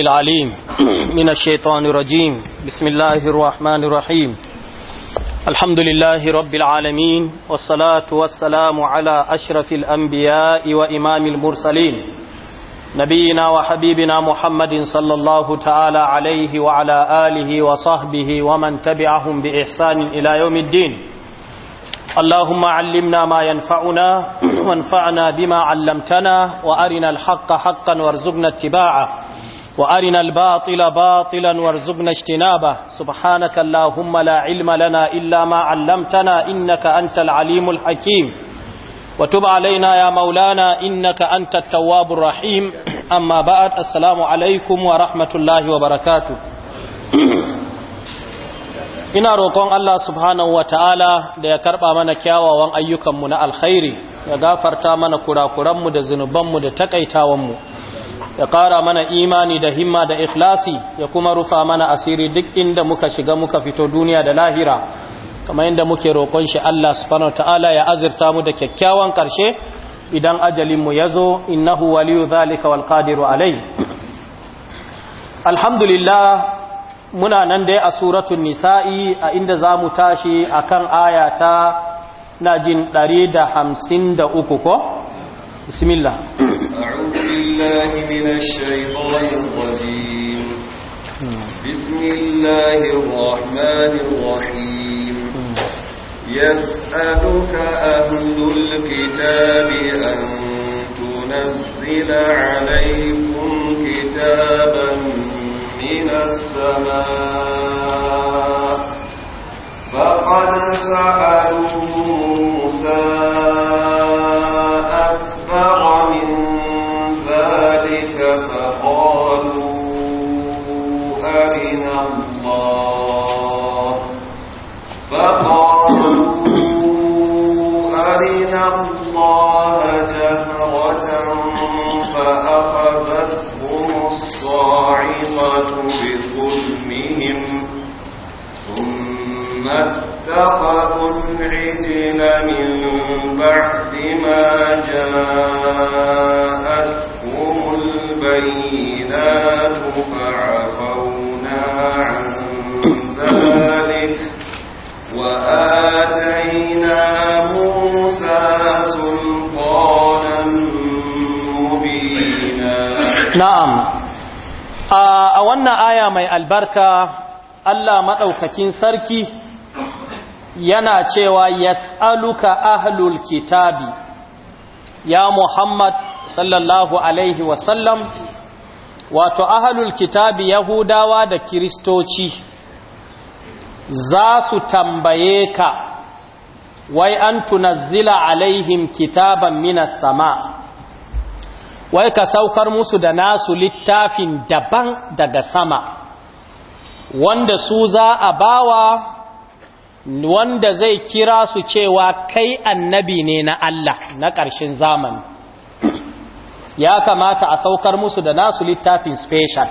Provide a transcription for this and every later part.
العليم من الشيطان الرجيم بسم الله الرحمن الرحيم الحمد لله رب العالمين والصلاة والسلام على أشرف الأنبياء وإمام المرسلين نبينا وحبيبنا محمد صلى الله تعالى عليه وعلى آله وصحبه ومن تبعهم بإحسان إلى يوم الدين اللهم علمنا ما ينفعنا وانفعنا بما علمتنا وأرنا الحق حقا وارزقنا اتباعه وأرنا الباطل باطلا وارزقنا اجتنابه سبحانك اللهم لا علم لنا إلا ما علمتنا إنك أنت العليم الحكيم وتب علينا يا مولانا إنك أنت التواب الرحيم أما بعد السلام عليكم ورحمة الله وبركاته ina roƙon Allah subhanahu wa ta'ala da ya karɓa mana kyawawan ayyukanmu na alkhairi ya gafarta mana kurakuranmu da zunubanmu da taƙaitawanmu ya ƙara mana imani da himma da ikhlasi ya kuma rufa mana asiri duk inda muka shiga muka fito duniya da lahira kamar yadda muke roƙon shi Allah subhanahu ta'ala ya azirta mu da kyakkyawan ƙarshe idan ajalin mu yazo innahu waliyu zalika wal qadiru alai alhamdulillah muna nan dai a suratul nisa'i a inda zamu tashi akan aya ta najin 153 ko بسم الله أعوذ بالله من الشيطان الرجيم بسم الله الرحمن الرحيم يسألك أهل الكتاب أن تنزل عليكم كتابا من السماء فقد سألوا موسى جاءتهم البينات فعفونا عن ذلك وآتينا موسى سلطانا مبينا نعم a wannan aya mai albarka Allah maɗaukakin sarki yana cewa yas'aluka ahlul kitabi ya Muhammad sallallahu Alaihi wasallam wato ahalul kitabi Yahudawa da Kiristoci za su tambaye ka wai an tunazzila alaihim kitaban minas sama wai ka saukar musu da nasu littafin daban daga sama wanda su za a bawa wanda zai kira su cewa kai annabi ne na Allah na ƙarshen zamani ya kamata a saukar musu da nasu littafin special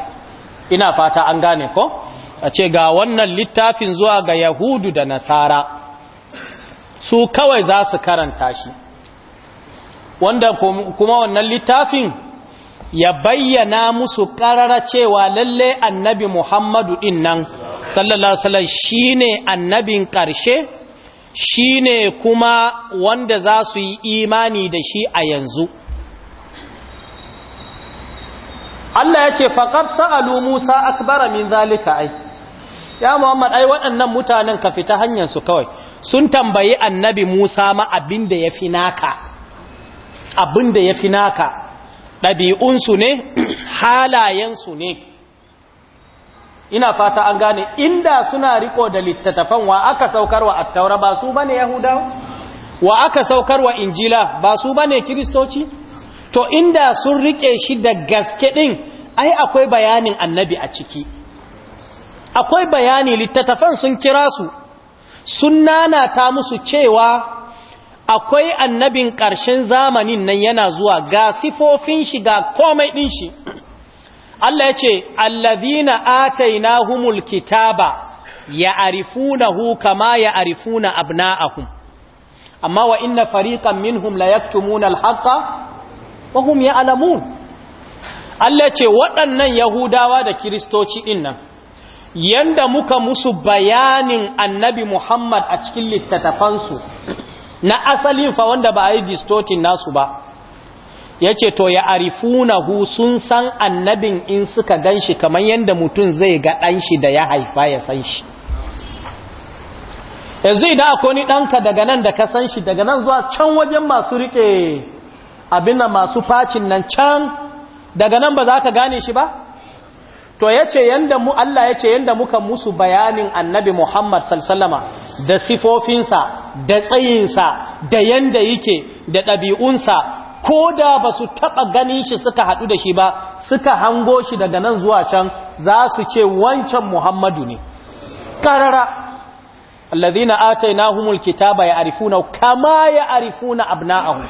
ina fata an gane ko a ce ga wannan littafin zuwa ga yahudu da nasara su kawai za su karanta shi wanda kuma wannan littafin ya bayyana musu ƙarara cewa lalle annabi muhammadu din nan sallallahu alaihi shine annabin ƙarshe shine kuma wanda za su yi imani da shi a yanzu Allah ya ce faƙar sa'alu Musa akbara min zalika ai ya Muhammad ai waɗannan mutanen ka fita hanyarsu kawai sun tambayi annabi Musa ma abinda ya fi naka Abinda ya fi naka ɗabi'unsu ne halayensu ne ina fata an gane inda suna riko da littattafan wa aka saukarwa attaura ba su bane yahudawa wa aka saukarwa injila ba su bane kiristoci to inda sun rike shi da gaske din ai akwai bayanin annabi a ciki akwai bayani littattafan sun kira su sun nanata musu cewa akwai annabin ƙarshen zamanin nan yana zuwa ga sifofin shi ga komai ɗin shi Allah ya ce alladhina ya kitaba ya'rifunahu kama ya'rifuna abna'ahum amma wa inna fariqan minhum la yaktumuna al wa hum ya'lamun Allah ce waɗannan Yahudawa da Kiristoci ɗinnan yanda muka musu bayanin Annabi Muhammad a cikin littattafansu na asalin fa wanda ba a yi distortin nasu ba ya ce to ya arifunahu sun san annabin in suka gan shi kamar yadda mutum zai ga ɗanshi da ya haifa ya san shi yanzu idan akwai ni ɗanka daga nan da ka san shi daga nan zuwa can wajen masu riƙe abin da masu facin nan can daga nan ba za ka gane shi ba to ya ce yadda mu Allah ya ce yadda muka musu bayanin annabi Muhammad salsallama da sifofinsa da tsayinsa da yadda yake da ɗabi'unsa ko da ba su taɓa ganin shi suka haɗu da shi ba suka hango shi daga nan zuwa can za su ce wancan muhammadu ne ƙarara allazina atainahumul kitaba ya'rifuna kama ya'rifuna abna'ahum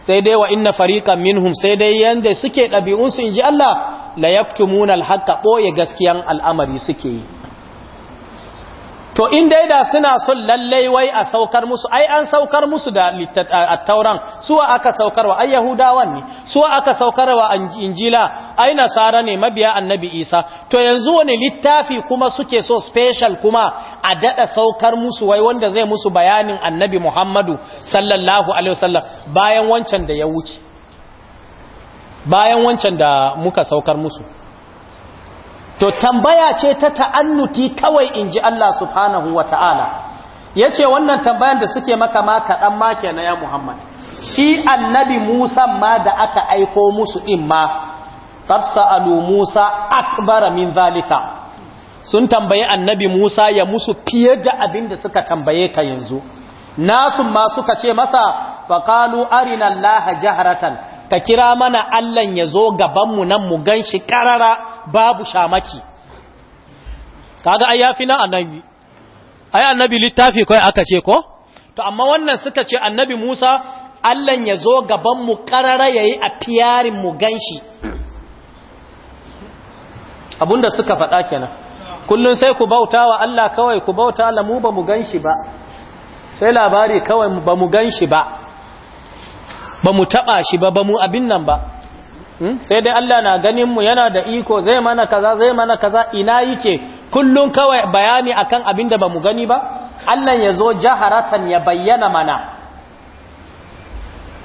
sai dai wa inna fariqan minhum sai dai yanda suke ɗabi'unsu ji Allah la yaktumuna al ɓoye gaskiyan al'amari suke yi to in dai da suna son lallai wai a saukar musu ai an saukar musu da attauran suwa aka saukarwa ai yahudawan ne suwa aka saukarwa injila ai nasara ne mabiya annabi isa to yanzu wani littafi kuma suke so special kuma a dada saukar musu wai wanda zai musu bayanin annabi muhammadu sallallahu alaihi wasallam bayan wancan da ya wuce bayan wancan da muka saukar musu to tambaya ce ta ta'annuti kawai in ji Allah subhanahu wa ta'ala ya ce wannan tambayan da suke maka maka ɗan ma na ya Muhammad shi annabi Musa ma da aka aiko musu in ma ƙarsa alu Musa akbara min zalika sun tambayi annabi Musa ya musu fiye da abin da suka tambaye ka yanzu nasu ma suka ce masa faƙalu arinan laha ka kira mana Allahn ya zo gabanmu nan mu gan shi ƙarara babu shamaki kaga ai yafi na annabi ai annabi littafi kai aka ce ko to amma wannan suka ce annabi Musa Allah ya zo gaban mu karara yayi a fiyarin mu ganshi abunda suka faɗa kenan kullun sai ku bauta wa Allah kawai ku bauta Allah mu ba mu ganshi ba sai labari kawai ba mu ganshi ba ba mu taba shi ba ba mu abin nan ba Hmm? sai dai Allah na ganin mu yana da iko zai mana kaza zai mana kaza ina yake kullun kawai bayani akan abin da bamu gani ba Allah ya zo jaharatan ya bayyana mana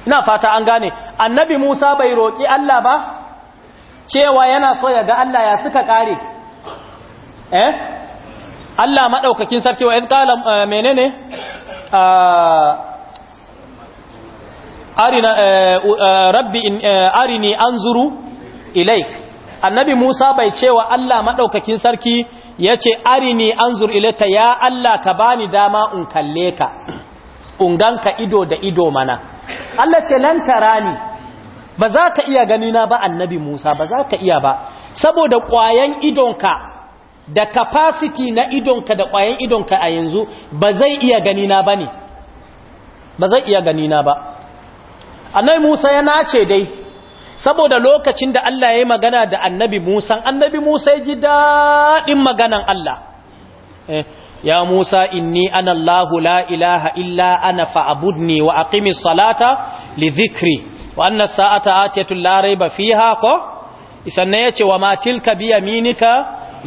ina fata an gane annabi Musa bai roki Allah ba cewa yana so ya ga Allah ya suka kare eh Allah madaukakin sarki wa in qala eh, menene ah, arina eh, eh, rabbi eh, arini anzuru ilaik annabi Musa bai cewa Allah madaukakin sarki yace arini anzur ilaika ya Allah ka bani dama in kalle ka in ganka ido da ido mana Allah ce lan tarani ba za ka iya gani na ba annabi Musa ba za ka iya ba saboda kwayan idonka da capacity na idonka da kwayan idonka a yanzu ba zai iya gani na bane ba zai iya gani na ba annabi Musa ya nace dai saboda lokacin da Allah ya yi magana da annabi Musa annabi Musa ya ji daɗin maganan Allah eh, ya Musa inni ana Allah la ilaha illa ana fa'abudni wa aqimi salata li dhikri wa anna sa'ata atiyatun la raiba fiha ko sannan yace wa ma tilka bi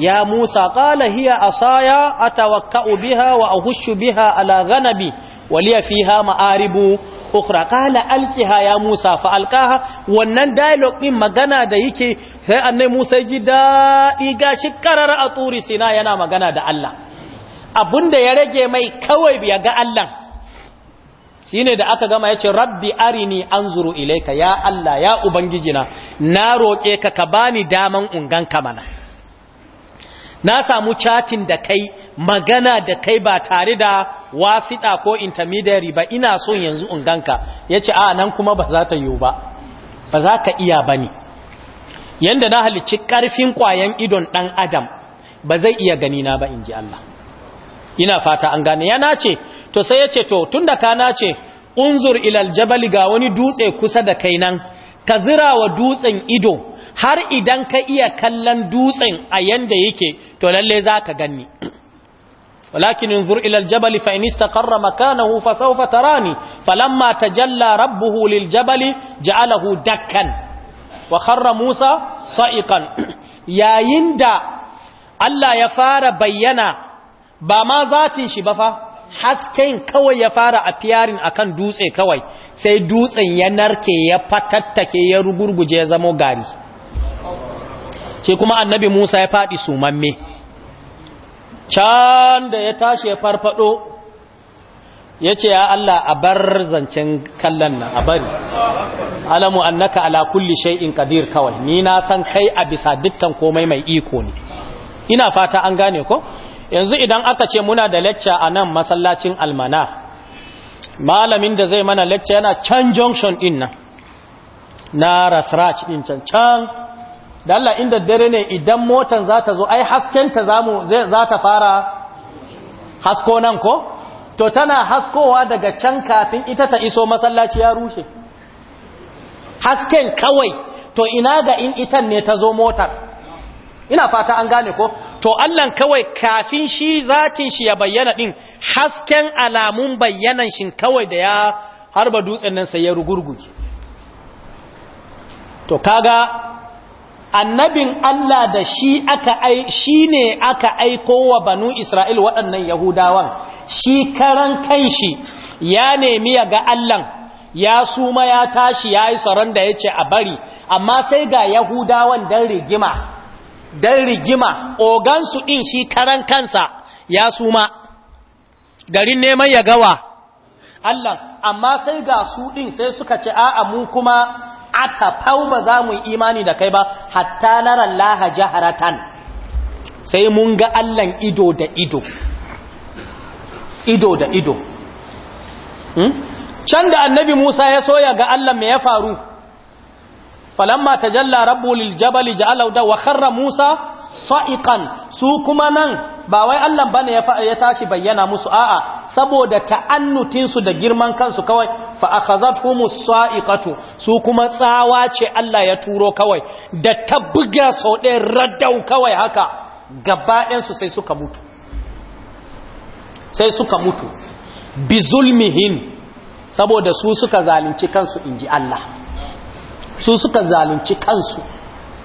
ya Musa ƙala hiya a saya a tawakka'u biha wa a hushu biha ala ganabi wa liya fiha ma'aribu ukra qala alqiha ya musa fa alkaha wannan dialogue din magana da yake sai annai musa ji daɗi gashi karara a turi sina yana magana da Allah da ya rage mai kawai ya ga Allah shine da aka gama yace rabbi arini anzuru ilayka ya Allah ya ubangijina na roke ka ka bani daman ungan ka mana na samu chatin da kai magana da kai ba tare da wasiɗa ko intermediary ba ina son yanzu in ganka ya ce a nan kuma ba za ta yiwu ba ba za ka iya ba ne yadda na halicci ƙarfin ƙwayan idon ɗan adam ba zai iya ganina ba in ji Allah ina fata an gane ya nace to sai ya ce to tun da ka nace unzur ilal jabali ga wani dutse kusa da kai nan ka zira wa dutsen ido har idan ka iya kallon dutsen a yanda yake to lalle za ka ganni ولكن انظر إلى الجبل فإن استقر مكانه فسوف تراني فلما تجلى ربه للجبل جعله دكا وخر موسى صائقا يا يندا ألا يفار بينا بما ذات شبفا hasken kawai ya fara a fiyarin akan dutse kawai sai dutsen ya narke ya fatattake ya rugurguje ya zamo gari ke kuma annabi Musa ya faɗi sumamme can da ya tashi ya farfado ya ce ya Allah a bar zancen kallon nan a bari alamu annaka ala kulli shay'in qadir kawai ni na san kai a bisa dukkan komai mai iko ne ina fata an gane ko yanzu idan aka ce muna da lecture a nan masallacin almana malamin da zai mana lecture yana can junction din nan na rasrach din can can da Allah inda dare ne idan motan za ta zo ai haskenta za ta fara hasko nan ko to tana haskowa daga can kafin ita ta iso masallaci ya rushe hasken kawai to ina ga in itan ne ta zo motar ina fata an gane ko to Allah kawai kafin shi zatin shi ya bayyana din hasken alamun bayyanan shin kawai da ya harba dutsen nan sai ya rugurguje to kaga annabin Allah da shi aka ai shi ne aka aiko wa banu Isra'il waɗannan Yahudawan shi karan kanshi ya nemi ya ga Allahn ya suma ya tashi ya yi tsaron da ya ce a bari amma sai ga Yahudawan dan rigima don rigima ogansu ɗin shi karan kansa ya suma garin neman ya gawa Allah amma sai ga su ɗin sai suka ce a'a mu kuma aka fau ba za mu imani da kai ba hatta naran laha jaharatan sai mun ga allan ido da ido ido da ido hmm? can da annabi musa ya soya ga allan me ya faru falamma tajalla rabbu lil jabali ja'alahu da wa kharra musa sa'iqan su kuma nan ba wai Allah bane ya ya tashi bayyana musu a'a saboda ta'annutin su da girman kansu kawai fa akhazathum sa'iqatu su kuma tsawa ce Allah ya turo kawai da ta buga sau ɗaya raddau kawai haka gaba ɗayan su sai suka mutu sai suka mutu bi zulmihim saboda su suka zalunci kansu inji Allah su suka zalunci kansu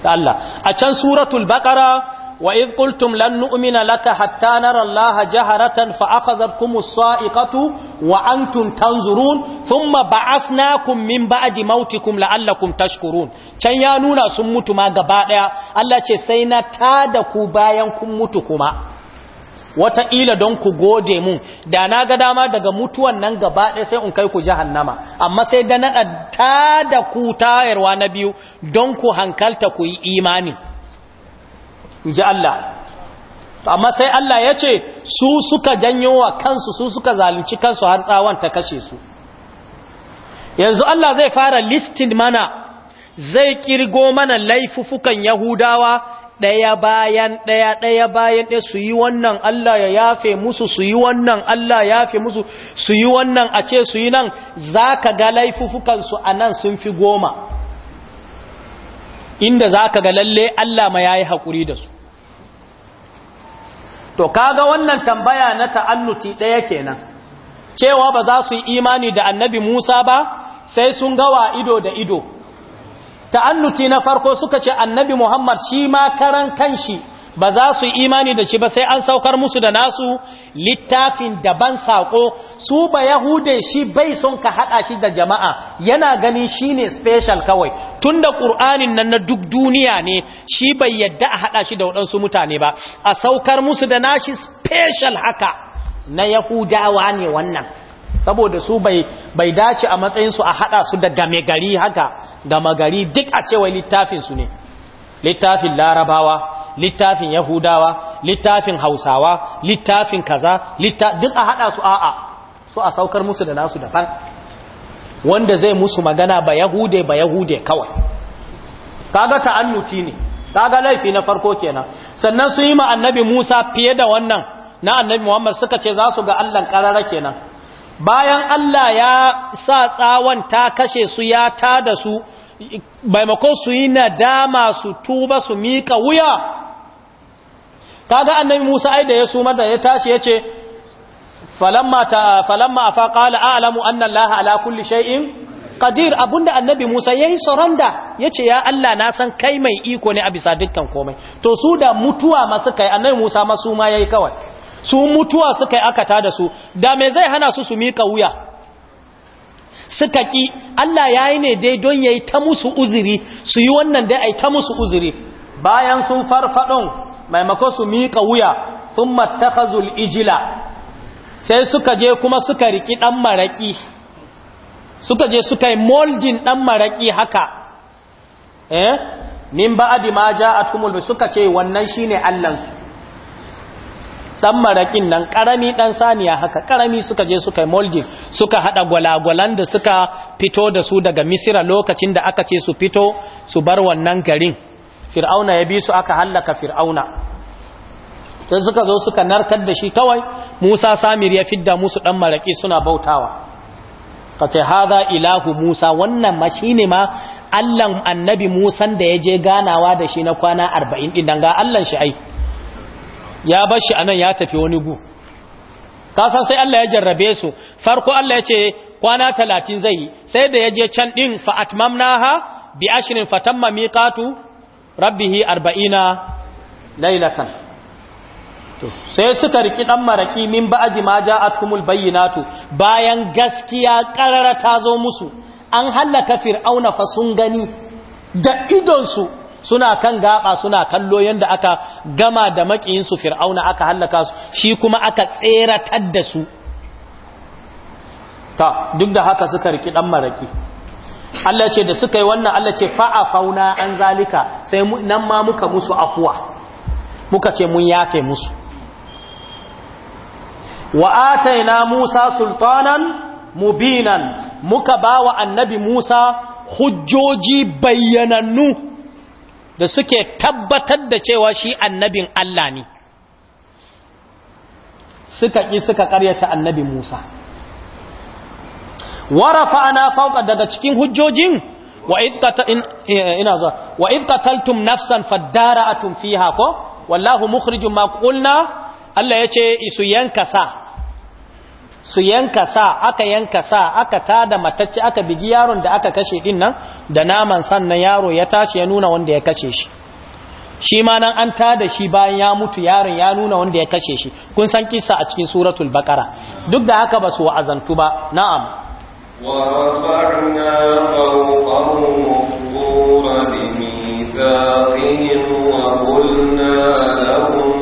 da Allah a can suratul baqara wa idh qultum lan nu'mina laka hatta nara Allah jaharatan fa akhadhatkumus sa'iqatu wa antum tanzurun thumma ba'athnakum min ba'di mautikum la'allakum tashkurun can ya nuna sun mutu ma gaba daya Allah ce sai na tada ku bayan kun mutu kuma wataƙila don ku gode mun da na ga dama daga mutuwan nan gaba ɗaya sai in kai ku jahannama amma sai da na ta da ku tayarwa na biyu don ku hankalta ku yi imani ji Allah amma sai Allah ya ce su suka janyo wa kansu su suka zalunci kansu har tsawon ta kashe su yanzu Allah zai fara listin mana zai kirgo mana laifufukan yahudawa ɗaya bayan ɗaya ɗaya bayan ɗaya su yi wannan Allah ya yafe musu su yi wannan Allah ya yafe musu su yi wannan a ce su yi nan za ka ga laifufukansu a nan sun fi goma inda za ka ga lalle Allah ma ya yi haƙuri da su to kaga wannan tambaya na ta'annuti ɗaya kenan cewa ba za su yi imani da annabi musa ba sai sun gawa ido da ido ta'annuti na farko suka ce annabi Muhammad shi ma karan kanshi ba za su imani da shi ba sai an saukar musu da nasu littafin daban sako su ba yahude shi bai son ka haɗa shi da jama'a yana gani shi ne special kawai tunda ƙur'anin nan na duk duniya ne shi bai yadda a haɗa shi da waɗansu mutane ba a saukar musu da nashi special haka na yahudawa ne wannan saboda su bai dace a matsayin su a hada su da game gari haka game gari duk a cewa littafin su ne littafin larabawa littafin yahudawa littafin hausawa littafin kaza duk a hada su a'a su a saukar musu da nasu daban wanda zai musu magana ba yahude ba yahude kawai kaga ta'annuti ne kaga laifi na farko kenan sannan su yi ma annabi Musa fiye da wannan na annabi Muhammad suka ce za su ga Allah karara kenan bayan Allah ya sa tsawon ta kashe su ya ta da su maimakon su yi nadama su tuba su mika wuya kaga annabi Musa ai da ya suma da ya tashi ya ce falamma ta falamma qala a'lamu anna Allah ala kulli shay'in qadir abunda annabi Musa yayi soranda yace ya Allah na san kai mai iko ne a bisa dukkan komai to su da mutuwa ma suka annabi Musa masuma ma yayi kawai su mutuwa suka yi akata da su da me zai hana su su mika wuya suka ƙi Allah ya yi ne dai don ya yi ta musu uzuri su yi wannan dai a yi ta musu uzuri bayan sun farfaɗon maimako su mika wuya sun matakazul ijila sai suka je kuma suka riki ɗan maraƙi suka je suka yi moldin ɗan maraƙi haka eh min ba'adi ma ja'atumul suka ce wannan shine allansu dan marakin nan karami dan saniya haka karami suka je suka yi molding suka hada gwalagwalan da suka fito da su daga misira lokacin da aka ce su fito su bar wannan garin fir'auna ya bi su aka hallaka fir'auna don suka zo suka narkar da shi kawai musa samir ya fidda musu dan maraki suna bautawa ka ce haza ilahu musa wannan ma shine ma allan annabi musan da ya je ganawa da shi na kwana arba'in ɗin ga allan shi ai ya bar shi anan ya tafi wani gu kasan sai Allah ya jarrabe su farko Allah ya ce kwana talatin zai sai da ya je can ɗin atmamnaha bi ashirin fatamma miƙatu rabbihi arba'ina lailatan sai suka riki ɗan maraki min ba'di ma humul bayyinatu bayan gaskiya ƙarara ta zo musu an hallaka fir'auna fa sun gani da idon su. suna kan gaba suna kallo yanda aka gama da makiyinsu fir'auna aka hallaka su shi kuma aka tseratar da su ta duk da haka suka riki dan maraki Allah ce da suka yi wannan Allah ce fa'a fauna an zalika sai nan ma muka musu afuwa muka ce mun yafe musu wa ataina Musa sultanan mubinan muka bawa annabi Musa hujjoji bayyanannu da suke tabbatar da cewa shi annabin Allah ne suka ƙi suka ƙaryata annabi Musa warafa ana fauka daga cikin hujjojin wa ibqataltum eh, nafsan a fiha ko wallahu mukhrijum makulna qulna Allah yace isu yanka sa su yanka sa aka yanka sa aka tada matacce aka bigi yaron da aka kashe din nan da naman sannan yaro ya tashi ya nuna wanda ya kashe shi shi ma nan an tada shi bayan ya mutu yaron ya nuna wanda ya kashe shi kun san kisa a cikin suratul baqara duk da haka ba su wa'azantu ba na'am wa rafa'na fawqahum qura bi mithaqihim wa qulna lahum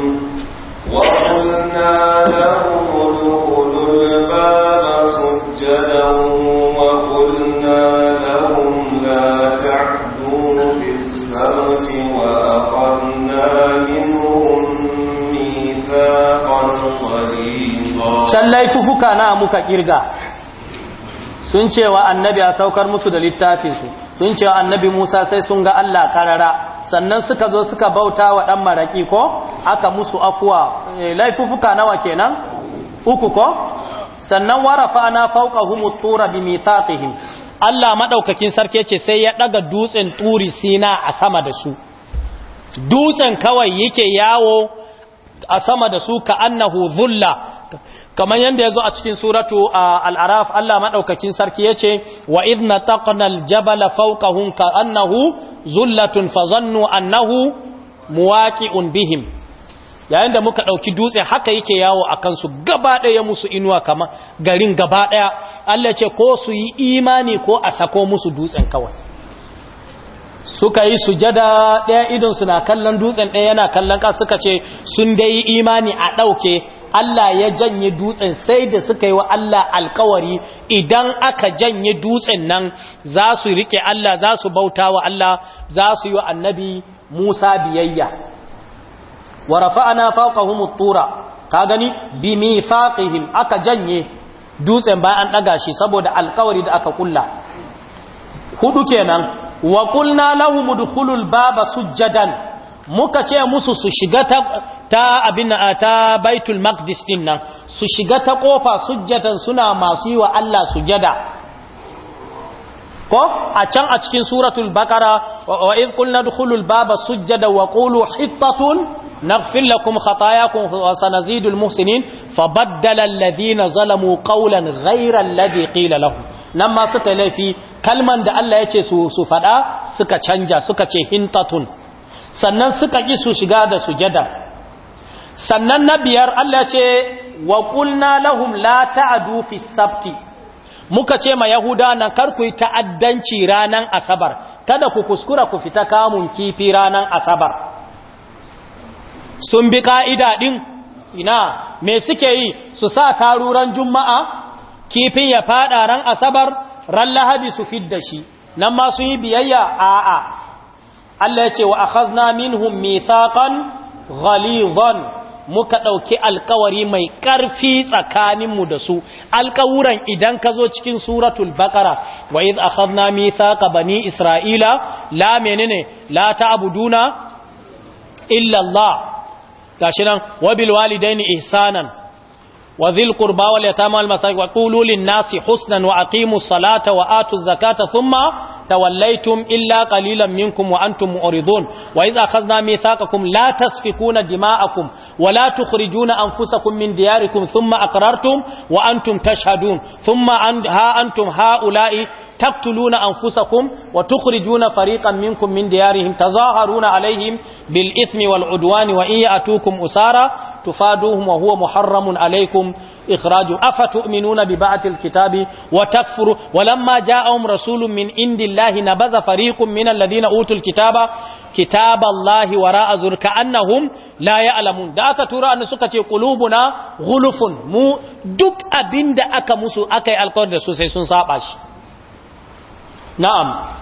wa qulna lahum الباب سجدا وقلنا لهم لا تعدوا في السبت وأخذنا منهم ميثاقا غليظا سليففك نامك كرغا sun ce wa annabi a saukar musu da littafinsu sun ce wa annabi musa sai sun ga allah karara sannan suka zo suka bauta wa ɗan maraƙi ko aka musu afuwa eh, laifufuka nawa kenan uku ko sannan warafa na fawqahum tura bi mithaqihim Allah madaukakin sarki yace sai ya daga dutsen turi sina a sama da su dutsen kawai yake yawo a sama da su ka annahu dhulla kamar yadda ya zo a cikin suratu al'araf Allah maɗaukakin sarki ya ce wa izna jabala fauƙahun ka annahu zullatun zannu annahu muwaƙi'un bihim yayin da muka ɗauki dutse haka yake yawo a kansu gaba ɗaya musu inuwa kama garin gaba ɗaya Allah ce ko su yi imani ko a sako musu dutsen kawai suka yi sujada ɗaya idonsu na kallon dutsen ɗaya yana kallon ka suka ce sun da yi imani a ɗauke Allah ya janye dutsen sai da suka yi wa Allah alkawari idan aka janye dutsen nan za su riƙe Allah za su bauta wa Allah za su yi wa annabi Musa biyayya wa rafa'ana fawqahum at-tura ka gani bi mifaqihim aka janye dutsen bayan an daga shi saboda alkawari da aka kulla hudu kenan wa qulna lahum udkhulul baba sujjadan muka ce musu su shiga ta ta abin ta baitul maqdis din nan su shiga ta kofa sujjadan suna masu yi wa Allah sujada ko a can a cikin suratul bakara wa idh qulna dukhulul baba sujjada wa qulu hittatun naghfir lakum khatayakum wa sanazidul muhsinin fabaddala alladhina zalamu qawlan ghayra alladhi qila lahum nan ma suka laifi kalman da Allah ya ce su su fada suka canja suka ce hintatun sannan suka ki su shiga da sujada sannan na biyar Allah ya ce wa qulna lahum la ta'du fis sabti muka ce ma yahuda nan kar ku ta'addanci ranan asabar kada ku kuskura ku fita kamun kifi ranan asabar sun bi ka'ida din ina me suke yi su sa taruran juma'a kifin ya fada ran asabar ran lahadi su fidda shi nan ma su yi biyayya a'a Allah ya ce wa akhazna minhum mithaqan ghalizan muka ɗauki alkawari mai ƙarfi tsakaninmu da su alkawuran idan ka zo cikin suratul baƙara wa iz akhadna mithaqa bani isra'ila la ne? la ta'buduna illallah. Allah shi nan wa bil ni ihsanan wa dhil qurba wal yatama wa qulu nasi husnan wa aqimus salata wa atuz zakata thumma tawallaytum illa kalilan minkum wa antum mu'ridun wa idza akhadna mithaqakum la tasfikuna dima'akum wa la tukhrijuna anfusakum min diyarikum thumma aqrartum wa antum tashhadun thumma ha antum haula'i تقتلون أنفسكم وتخرجون فريقا منكم من ديارهم تظاهرون عليهم بالإثم والعدوان وإن يأتوكم أسارا tufaduhum wa huwa muharramun alaikum ikhraju afatu'minuna bi ba'dil kitabi wa takfuru walamma ja'ahum rasulun min indillahi nabaza fariqun min alladhina utul kitaba kitaballahi wara'a zurka annahum la ya'lamun da aka tura an suka ce qulubuna ghulufun mu duk abinda aka musu akai alƙawar da su sai sun saba shi na'am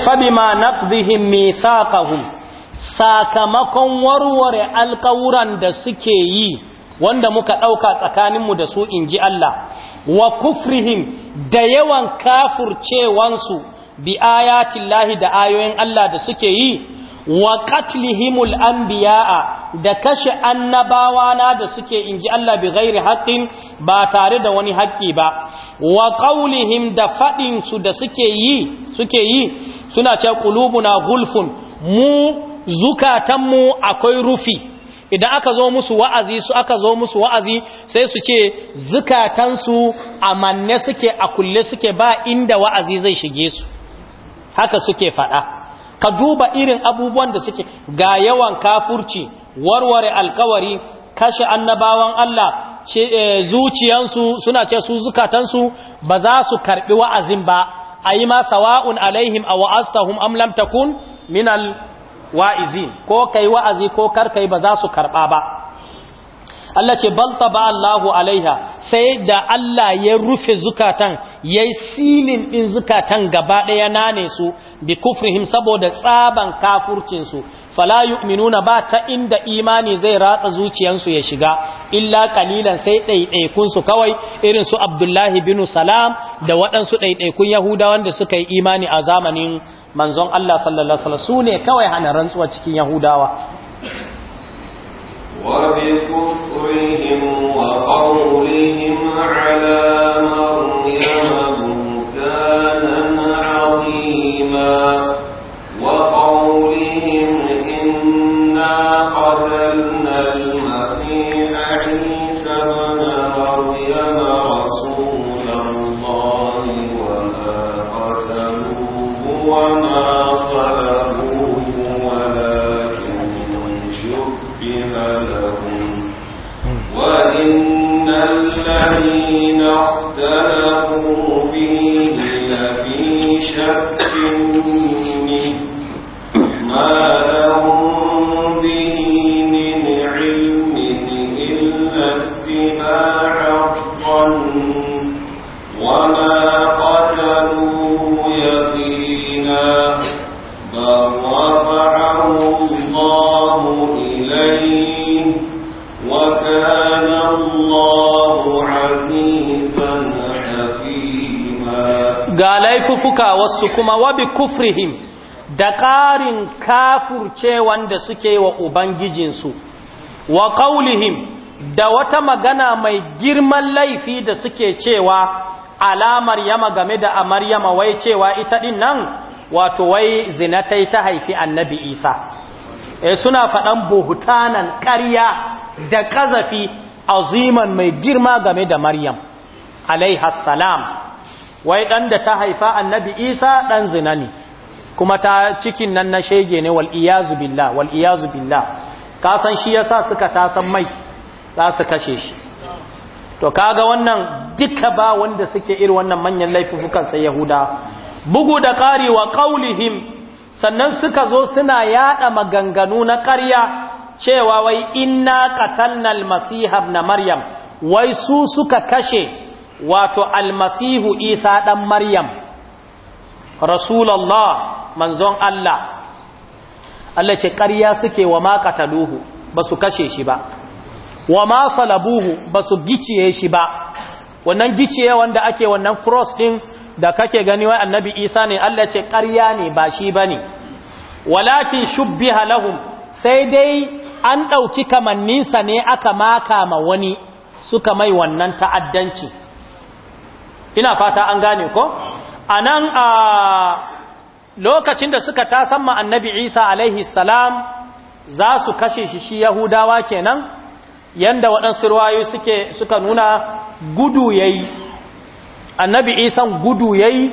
fabima naqdihim mithaqahum sakamakon warware alƙawuran da suke yi wanda muka ɗauka tsakaninmu da su inji Allah wa kufrihim da yawan kafurcewansu bi ayatin da ayoyin Allah da suke yi wa qatlihimul anbiya'a da kashe annabawa na da suke inji Allah bi ghairi haqqin ba tare da wani haƙƙi ba wa qawlihim da fadin su da suke yi suke yi suna ce qulubuna gulfun mu zukatanmu akwai rufi idan aka zo musu wa'azi su aka zo musu wa'azi sai su ce zukatansu amanne suke a kulle suke ba inda wa'azi zai shige su haka suke fada ka duba irin abubuwan da suke ga yawan kafurci warware alkawari kashe annabawan Allah eh, zuciyansu suna ce su zukatansu ba za su karbi wa'azin ba a yi ma sawa'un alaihim a wa'astahun amlamtakun minal wa'izi ko kai wa'azi ko kar ba za su karba ba Allah ce balta ba Allahu alaiha sai da Allah ya rufe zukatan ya yi silin ɗin zukatan gaba ɗaya nane su bi kufrihim saboda tsaban kafurcinsu fala yu'minuna ba ta inda imani zai ratsa zuciyansu ya shiga illa kalilan sai ɗaiɗaikunsu kawai irin su abdullahi binu salam da waɗansu ɗaiɗaikun yahuda wanda suka yi imani a zamanin manzon Allah sallallahu su ne kawai hana rantsuwa cikin yahudawa wa kufrihim da ƙarin kafurce wanda suke wa ubangijinsu wa ƙaulihim da wata magana mai girman laifi da suke cewa alamar yama game da amaryama wai cewa ita ɗin nan wato wai zinatai ta haifi annabi isa e suna faɗan buhutanan ƙarya da ƙazafi aziman mai girma game da maryam alaihassalam wai ɗan da ta haifa annabi isa ɗan zina ne kuma ta cikin nan na shege ne wal'iyazu billah wal'iyazu billah kasan shi ya sa suka tasan mai za su kashe shi to kaga wannan duka ba wanda suke iri wannan manyan laifukan sai yahuda bugu da ƙari wa ƙaulihim sannan suka zo suna yada maganganu na ƙarya cewa wai inna qatalnal masiha ibn maryam wai su suka kashe wato almasihu isa ɗan maryam rasulallah manzon Allah Allah ce ƙarya suke wa ma kataluhu ba su kashe shi ba wa ma salabuhu ba su giciye shi ba wannan giciye wanda ake wannan cross ɗin da kake gani wai annabi isa ne Allah ce ƙarya ne ba shi bane. ne walakin shubbiha lahum sai dai an ɗauki kamanninsa ne aka maka ma wani suka mai wannan ta'addanci ina fata an gane ko a nan a lokacin da suka ma annabi isa alaihi salam za su kashe shi shi yahudawa kenan yanda waɗansu ruwayo suke suka nuna gudu yayi annabi isan gudu yayi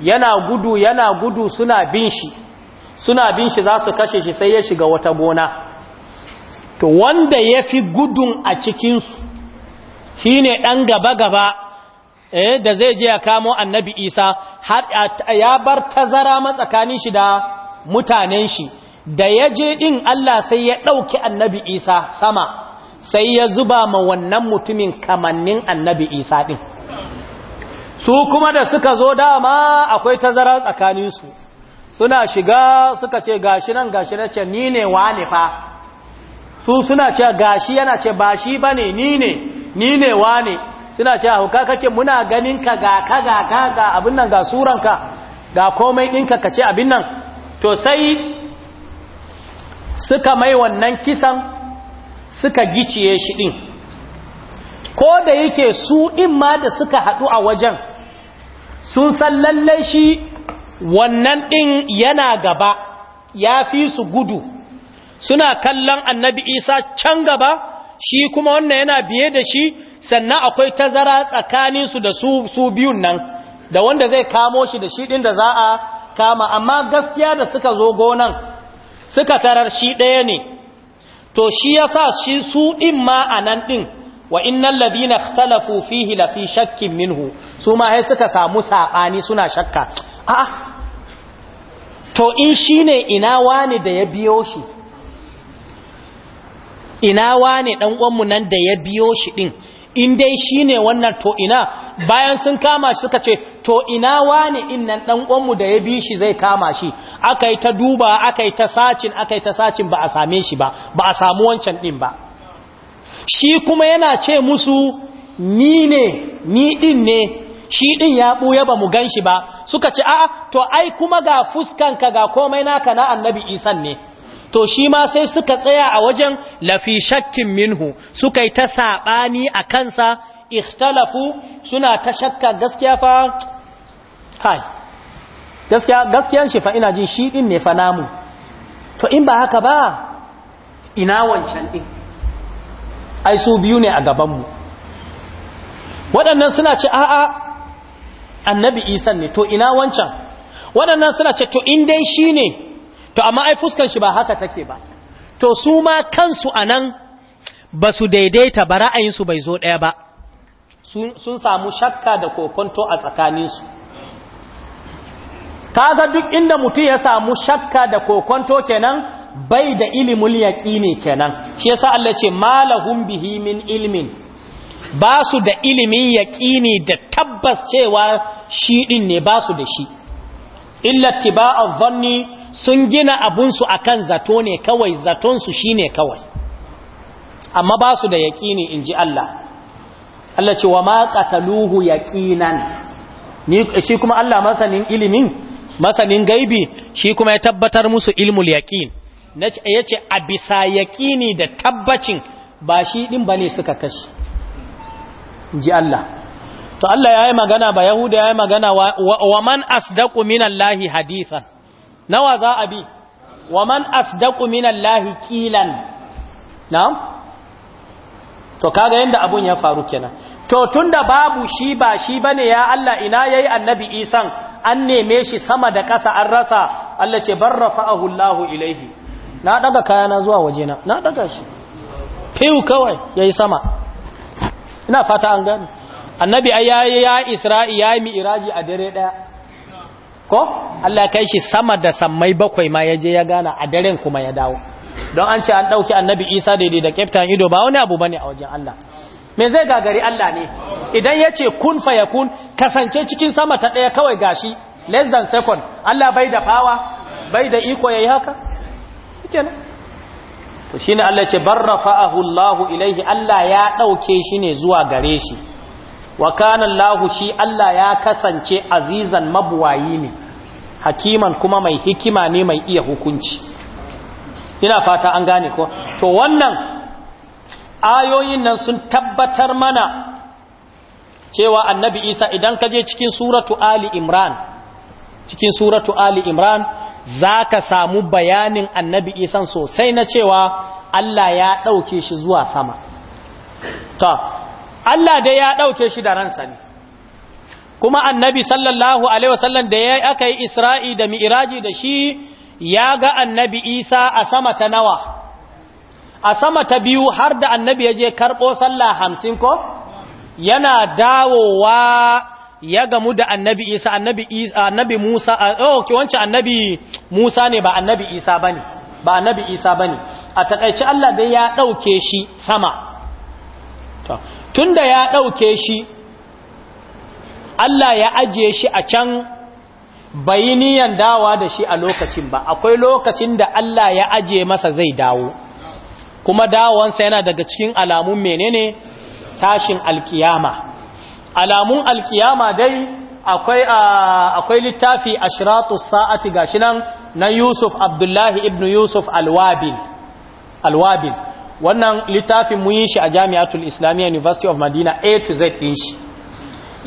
yana gudu yana gudu suna bin shi suna bin shi za su kashe shi sai ya shiga wata gona to wanda ya fi gudun a cikinsu shi ne ɗan gaba-gaba eh da zai je ya kamo annabi isa har ya bar tazara matsakanin shi da mutanen shi da ya je ɗin Allah sai ya ɗauki annabi isa sama sai ya zuba ma wannan mutumin kamannin annabi isa ɗin su kuma da suka zo dama akwai tazara tsakanin su suna shiga suka ce gashi nan gashi na ce ni ne ne fa su suna ce gashi yana ce ba shi ba ne ni ne ni ne ne? suna ce hauka kake muna ganin ka ga ka ga ka ga abin nan ga suranka ga komai ɗinka ka ce abin nan to sai suka mai wannan kisan suka giciye shi ɗin ko da yake su in ma da suka haɗu a wajen sun san lallai shi wannan ɗin yana gaba ya fi su gudu suna kallon annabi isa can gaba shi kuma wannan yana biye da shi sannan akwai tazara tsakaninsu da su, su biyun nan da wanda zai kamo shi da shi ɗin da za a kama amma gaskiya da suka zo gonan suka tarar shi ɗaya ne to shi ya sa shi su ɗin ma a nan ɗin wa innan labina talafu fihi fi shakkin minhu su ma hai suka samu saɓani suna shakka a to in shi ne ina wani da ya biyo shi ina wani ɗan'uwanmu nan da ya biyo shi ɗin in dai shi ne wannan to ina bayan sun kama shi suka ce to ina wani innan ɗan uwanmu da ya bi shi zai kama shi aka yi ta duba aka yi ta sacin aka yi ta sacin ba a same shi ba ba a samu wancan ɗin ba shi kuma yana ce musu ni ne ni ɗin ne shi ɗin ya ɓuya ba mu gan shi ba suka ce a'a to ai kuma ga fuskanka ga komai naka na annabi isan ne to shi ma sai suka tsaya a wajen lafi shakkin minhu suka yi ta saɓani a kansa ikhtalafu suna ta shakka gaskiya fa hai gaskiyan shi fa ina jin shi ɗin ne fa namu to in ba haka ba ina wancan ɗin ai su biyu ne a gabanmu waɗannan suna ce a'a annabi isan ne to ina wancan waɗannan suna ce to in dai shi ne to amma ai fuskan shi ba haka take ba to su ma kansu anan ba su daidaita ba ra'ayinsu bai zo ɗaya ba sun samu shakka da kokonto a tsakaninsu kaga duk inda mutum ya samu shakka da kokonto kenan bai da ilimul yaƙini kenan shi yasa Allah ce malahum bihi min ilmin ba su da ilimin yaƙini da tabbas cewa shi din ne ba su da shi illa tiba'az dhanni sun gina abunsu a kan zato ne kawai zatonsu su ne kawai amma ba su da yaƙini in ji Allah Allah ce wa ma yaƙinan shi kuma Allah masanin ilimin masanin gaibi shi kuma ya tabbatar musu ilmul yaƙin ya ce a bisa yaƙini da tabbacin ba shi ɗin ba ne suka kashi ji Allah to Allah ya yi magana ba Yahuda ya yi magana wa, wa, wa man asdaqu minallahi hadithan nawa za a bi wa man asdaqu minallahi qilan na'am to kaga yanda abun ya faru kenan to tunda babu shi ba shi bane ya Allah ina yayi annabi isan an neme shi sama da ƙasa an rasa Allah ce barrafa'ahu Allahu ilaihi na daga kayana zuwa wajena na daga shi fiu kawai yayi sama ina fata an gani annabi ai ya isra'i yayi mi'raji a dare daya ko Allah ya kai shi sama da sammai bakwai ma ya je ya gana a daren kuma ya dawo don an ce an ɗauki annabi isa daidai da kyaftan ido ba wani abu bane a wajen Allah me zai gagari Allah ne idan yace ce kun fa kun kasance cikin sama ta ɗaya kawai gashi less than second Allah bai da power bai da iko yayi haka kenan to shine Allah ce barrafa'ahu Allah ilaihi Allah ya ɗauke shi ne zuwa gare shi wa kana lahu shi Allah ya kasance azizan mabuwayi ne hakiman kuma mai hikima ne mai iya hukunci ina fata an gane ko to wannan ayoyin nan sun tabbatar mana cewa annabi isa idan ka je cikin suratu ali imran cikin suratu ali imran za ka samu bayanin annabi Isa sosai na cewa allah ya ɗauke shi zuwa sama ta Allah dai ya ɗauke shi da ransa ne kuma annabi sallallahu alaihi wasallam da ya aka yi isra'i da Mi'raji da shi ya ga annabi isa a sama ta nawa a sama ta biyu har da annabi ya je karɓo sallah hamsin ko yana dawowa ya gamu da annabi isa annabi isa annabi musa oh ki annabi musa ne ba annabi isa bane ba annabi isa bane a takaice Allah dai ya ɗauke shi sama Tun da ya ɗauke shi Allah ya ajiye shi a can bayi niyan dawa da shi a lokacin ba akwai lokacin da Allah ya ajiye masa zai dawo kuma dawansa yana daga cikin alamun menene tashin alkiyama alamun alkiyama dai akwai akwai littafi ashratus sa'ati gashi nan na Yusuf Abdullahi ibn Yusuf Alwabil Alwabil wannan littafin mun yi shi a jami'atul islamiyya university of madina a to z din shi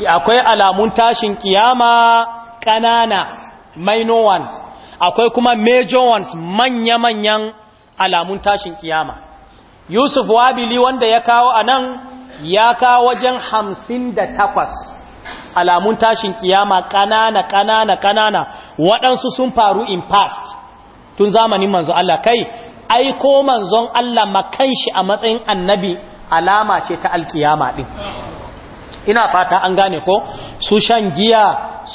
akwai alamun tashin kiyama ƙanana minor ones akwai kuma major ones manya-manyan alamun tashin kiyama yusuf wabili wanda ya kawo a nan ya kawo wajen hamsin da takwas alamun tashin kiyama ƙanana ƙanana ƙanana waɗansu sun faru in past tun zamanin manzo Allah kai aiko manzon Allah makan shi a matsayin annabi alama ce ta alkiyama din ina fata an gane ko su shan giya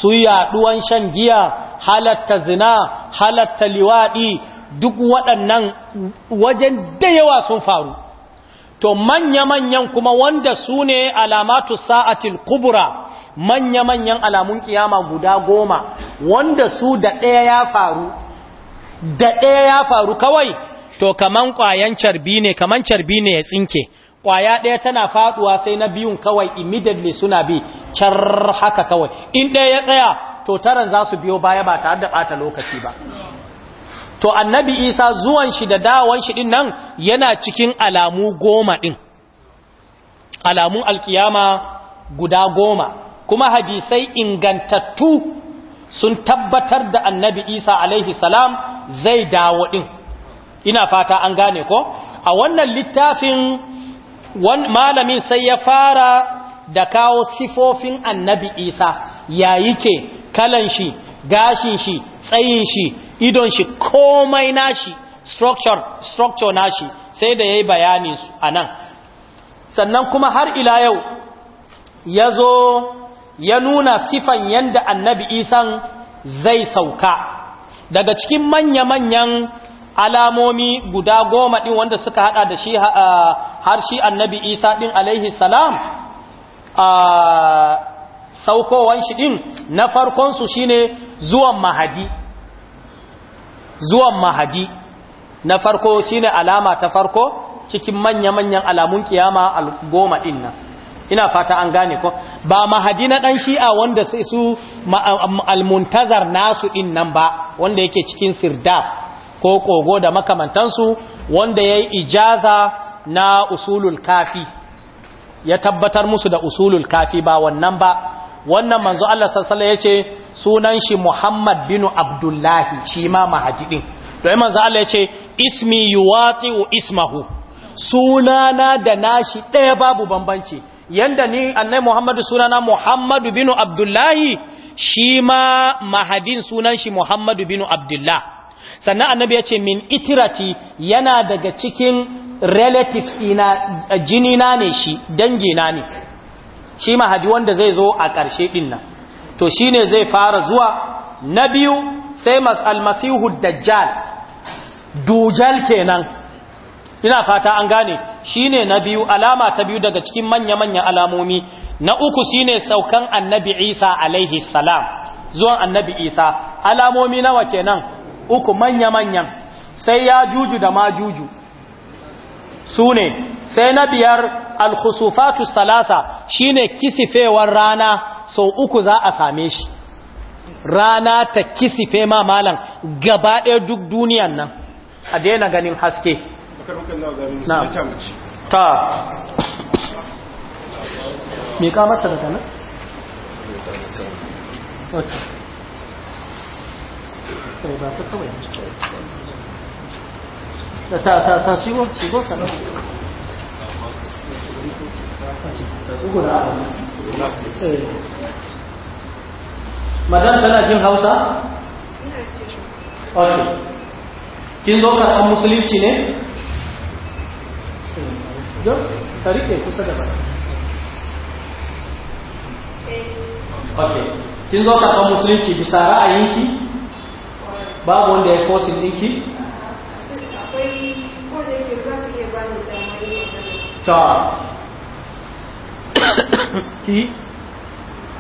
su yaduwan shan giya halatta zina halatta liwadi duk waɗannan wajen da yawa sun faru to manya-manyan kuma wanda sune ne alamatu sa'atil kubura manya-manyan alamun kiyama guda goma wanda su da ɗaya ya faru da ɗaya ya faru kawai to kaman kwayan carbi ne kaman carbi ne ya tsinke kwaya ɗaya tana faduwa sai na biyun kawai immediately suna bi car haka kawai in ɗaya ya tsaya to taran za su biyo baya ba tare da ɓata lokaci ba to annabi isa zuwan shi da dawon shi ɗin nan yana cikin alamu goma ɗin alamun alkiyama guda goma kuma hadisai ingantattu sun tabbatar da annabi isa alaihi salam zai dawo ɗin ina fata an gane ko a wannan littafin malamin sai ya fara da kawo sifofin annabi isa ya ke kalan shi gashin shi tsayin shi idon shi komai nashi structure structure nashi sai da ya yi bayani su a nan. sannan kuma har ila yau ya zo ya nuna sifan yadda annabi isan zai sauka daga cikin manya-manyan alamomi guda goma ɗin wanda suka haɗa da shi har shi annabi isa ɗin alaihi salam a saukowan shi ɗin na farkonsu shi ne zuwan mahadi zuwan mahadi na farko shi ne alama ta farko cikin manya-manyan alamun kiyama al goma ɗin nan ina fata an gane ko ba mahadi na ɗan shi'a wanda sai su almuntazar nasu ɗin nan ba wanda yake cikin sirdab ko kogo da makamantansu wanda ya ijaza na usulul kafi ya tabbatar musu da usulul kafi ba wannan ba wannan manzo Allah sassala ya ce sunan shi Muhammad bin Abdullahi shi ma mahajidin domin manzo Allah yace ismi yuwati wa ismahu sunana da nashi ɗaya babu bambanci yanda ni annai Muhammadu sunana Muhammadu bin Abdullahi shi ma mahadin sunan shi Muhammadu bin Abdullah sannan annabi ya ce min itirati yana daga cikin relatives ina jinina ne shi dangina ne shi mahadi wanda zai zo a ƙarshe ɗin nan to shi ne zai fara zuwa na biyu sai almasihu dajjal dujal kenan ina fata an gane shi ne na biyu alama ta biyu daga cikin manya-manyan alamomi na uku shi ne saukan annabi isa alaihi salam zuwan annabi isa alamomi nawa kenan uku manya-manyan sai ya juju da ma juju su ne sai na biyar alhusufatu salasa shine kisifewar rana sau uku za a same shi rana ta kisife ma malam gaba ɗaya duk duniyan nan a daina ganin haske na ta mai kamata daga na? kawai ta kawai ta ta ta shigo shigo nan eh. tana jin hausa? ok kin zo karɓar musulunci ne? don ta rike kusa da baki ok kin zo karɓar musulunci bisa ra'ayinki? babu wanda ya forcing ɗinki? ta ki?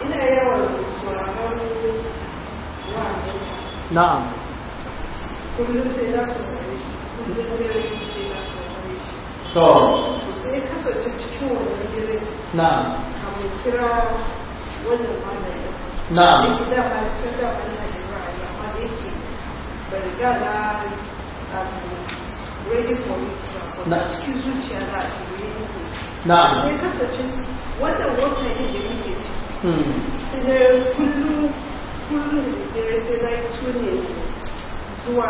ina yawan tsoron na'am kullum sai na saurari to sai kasance cikin wani girin na'am kamar kira wannan na'am na cikin zuciya na sai kasance ne da da ne zuwa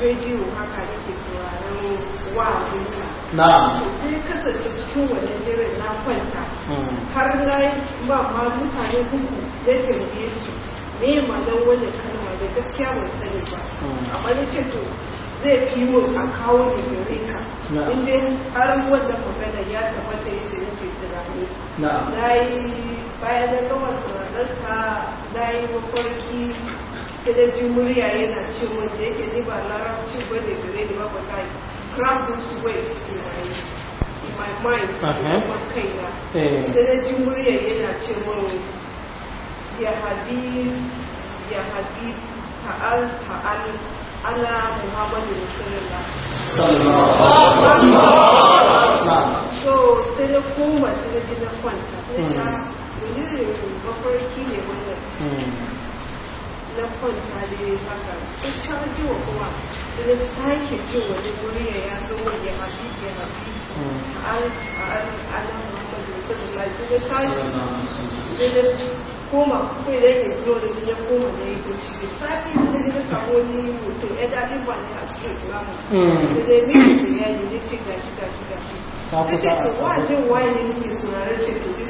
rediyo haka nake sauraron wa na kasance cikin wannan dare na kwanta har na yi ba mutane uku ya tambaye su me malan wannan kalma da gaskiya ban sani ba hmm. amma na ce to zai fi mun a kawo ne gare ka in dai har wannan magana ya tabbata yadda nake tunani na yi bayan na gama sauraron ka na yi mafarki sai da ji murya yana ce wanda yake ni ba larabci ba da gare ni ba ba ta yi crab is way in my in my mind uh -huh. kaina eh. sai da ji murya yana ce wani يا حبيب يا حبيب تعال تعال على محمد رسول الله so sai na koma sai na ji kwanta sai ta wani mafarki ne wannan na kwanta da ya haka sai ta ji wa kuma sai na sake ji ya zo wani ya habib hmm. ta'al ta'al ala muhammad rasulullah sai na sai koma ko idan ya biyo da ya koma da ya goci da safi sai da ya samu wani mutum ya daɗi ba ne a cikin islamu su da ya yi ya ce ga shi ga shi ga shi ce wa ne ke sunare ce to bi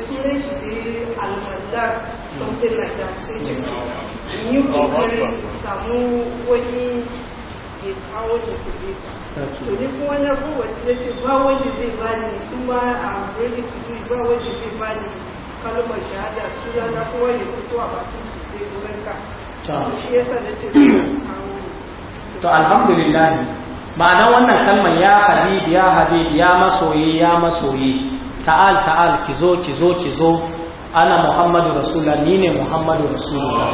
samu wani kawo da kuɗi to ni kuma na kowace ce ba wani zai kuma a wani kalmar shahada su ya na kowa ya fito a bakin su sai wurinka shi yasa da ce to alhamdulillah ma'ana wannan kalmar ya habib ya habib ya masoyi ya masoyi ta'al ta'al ki ki zo, zo, ki zo, ana muhammadu rasula ni ne muhammadu rasulullah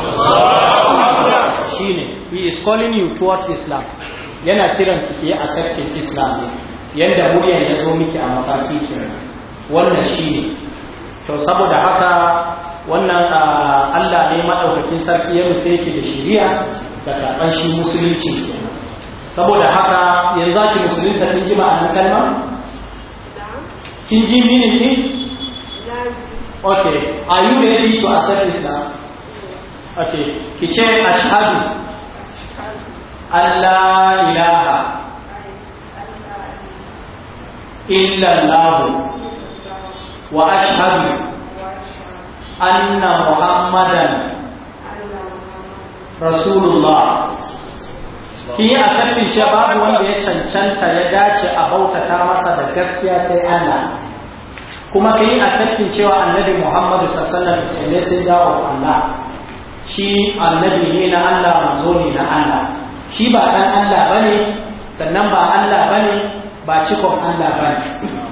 shine he is calling you toward islam yana kiran ki a accepting islam yanda muryan ya zo miki a mafarki kira. wannan shine to saboda haka wannan Allah ne madaukakin sarki ya nufe ki da shiriya da karban shi musulunci saboda haka yanzu ake musulunta kin ji ma'anar kalma kin ji mini ne okay are you ready to accept islam okay ki ce ashhadu an la ilaha allah وأشهد أن محمدا muhammadan الله kin yi asabin cewa babu wanda ya cancanta ya dace a bautata masa da gaskiya sai Allah kuma kin yi asabin cewa annabi Muhammadu sallallahu alaihi wasallam dawo Allah shi annabi ne na Allah manzo ne na Allah shi ba dan Allah bane sannan ba Allah bane ba cikon Allah bane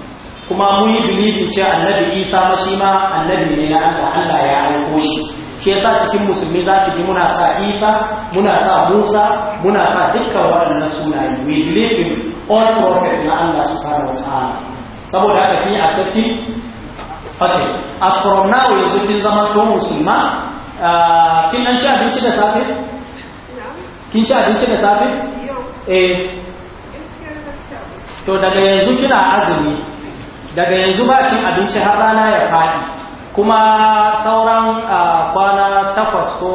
kuma mun yi bilibin ce annabi isa ma shi ma annabi ne na allah allah ya aiko shi shi yasa cikin musulmi za ki ji muna sa isa muna sa musa muna sa dukkan waɗannan sunaye we believe in all prophets na allah subhanahu wa ta'ala saboda haka kin accepting okay as from now yanzu kin zama to musulma ah, kin nan ci abinci da safe kin ci abinci da safe eh to daga yanzu kina azumi daga yanzu ba cin abinci har rana ya faɗi kuma sauran kwana takwas ko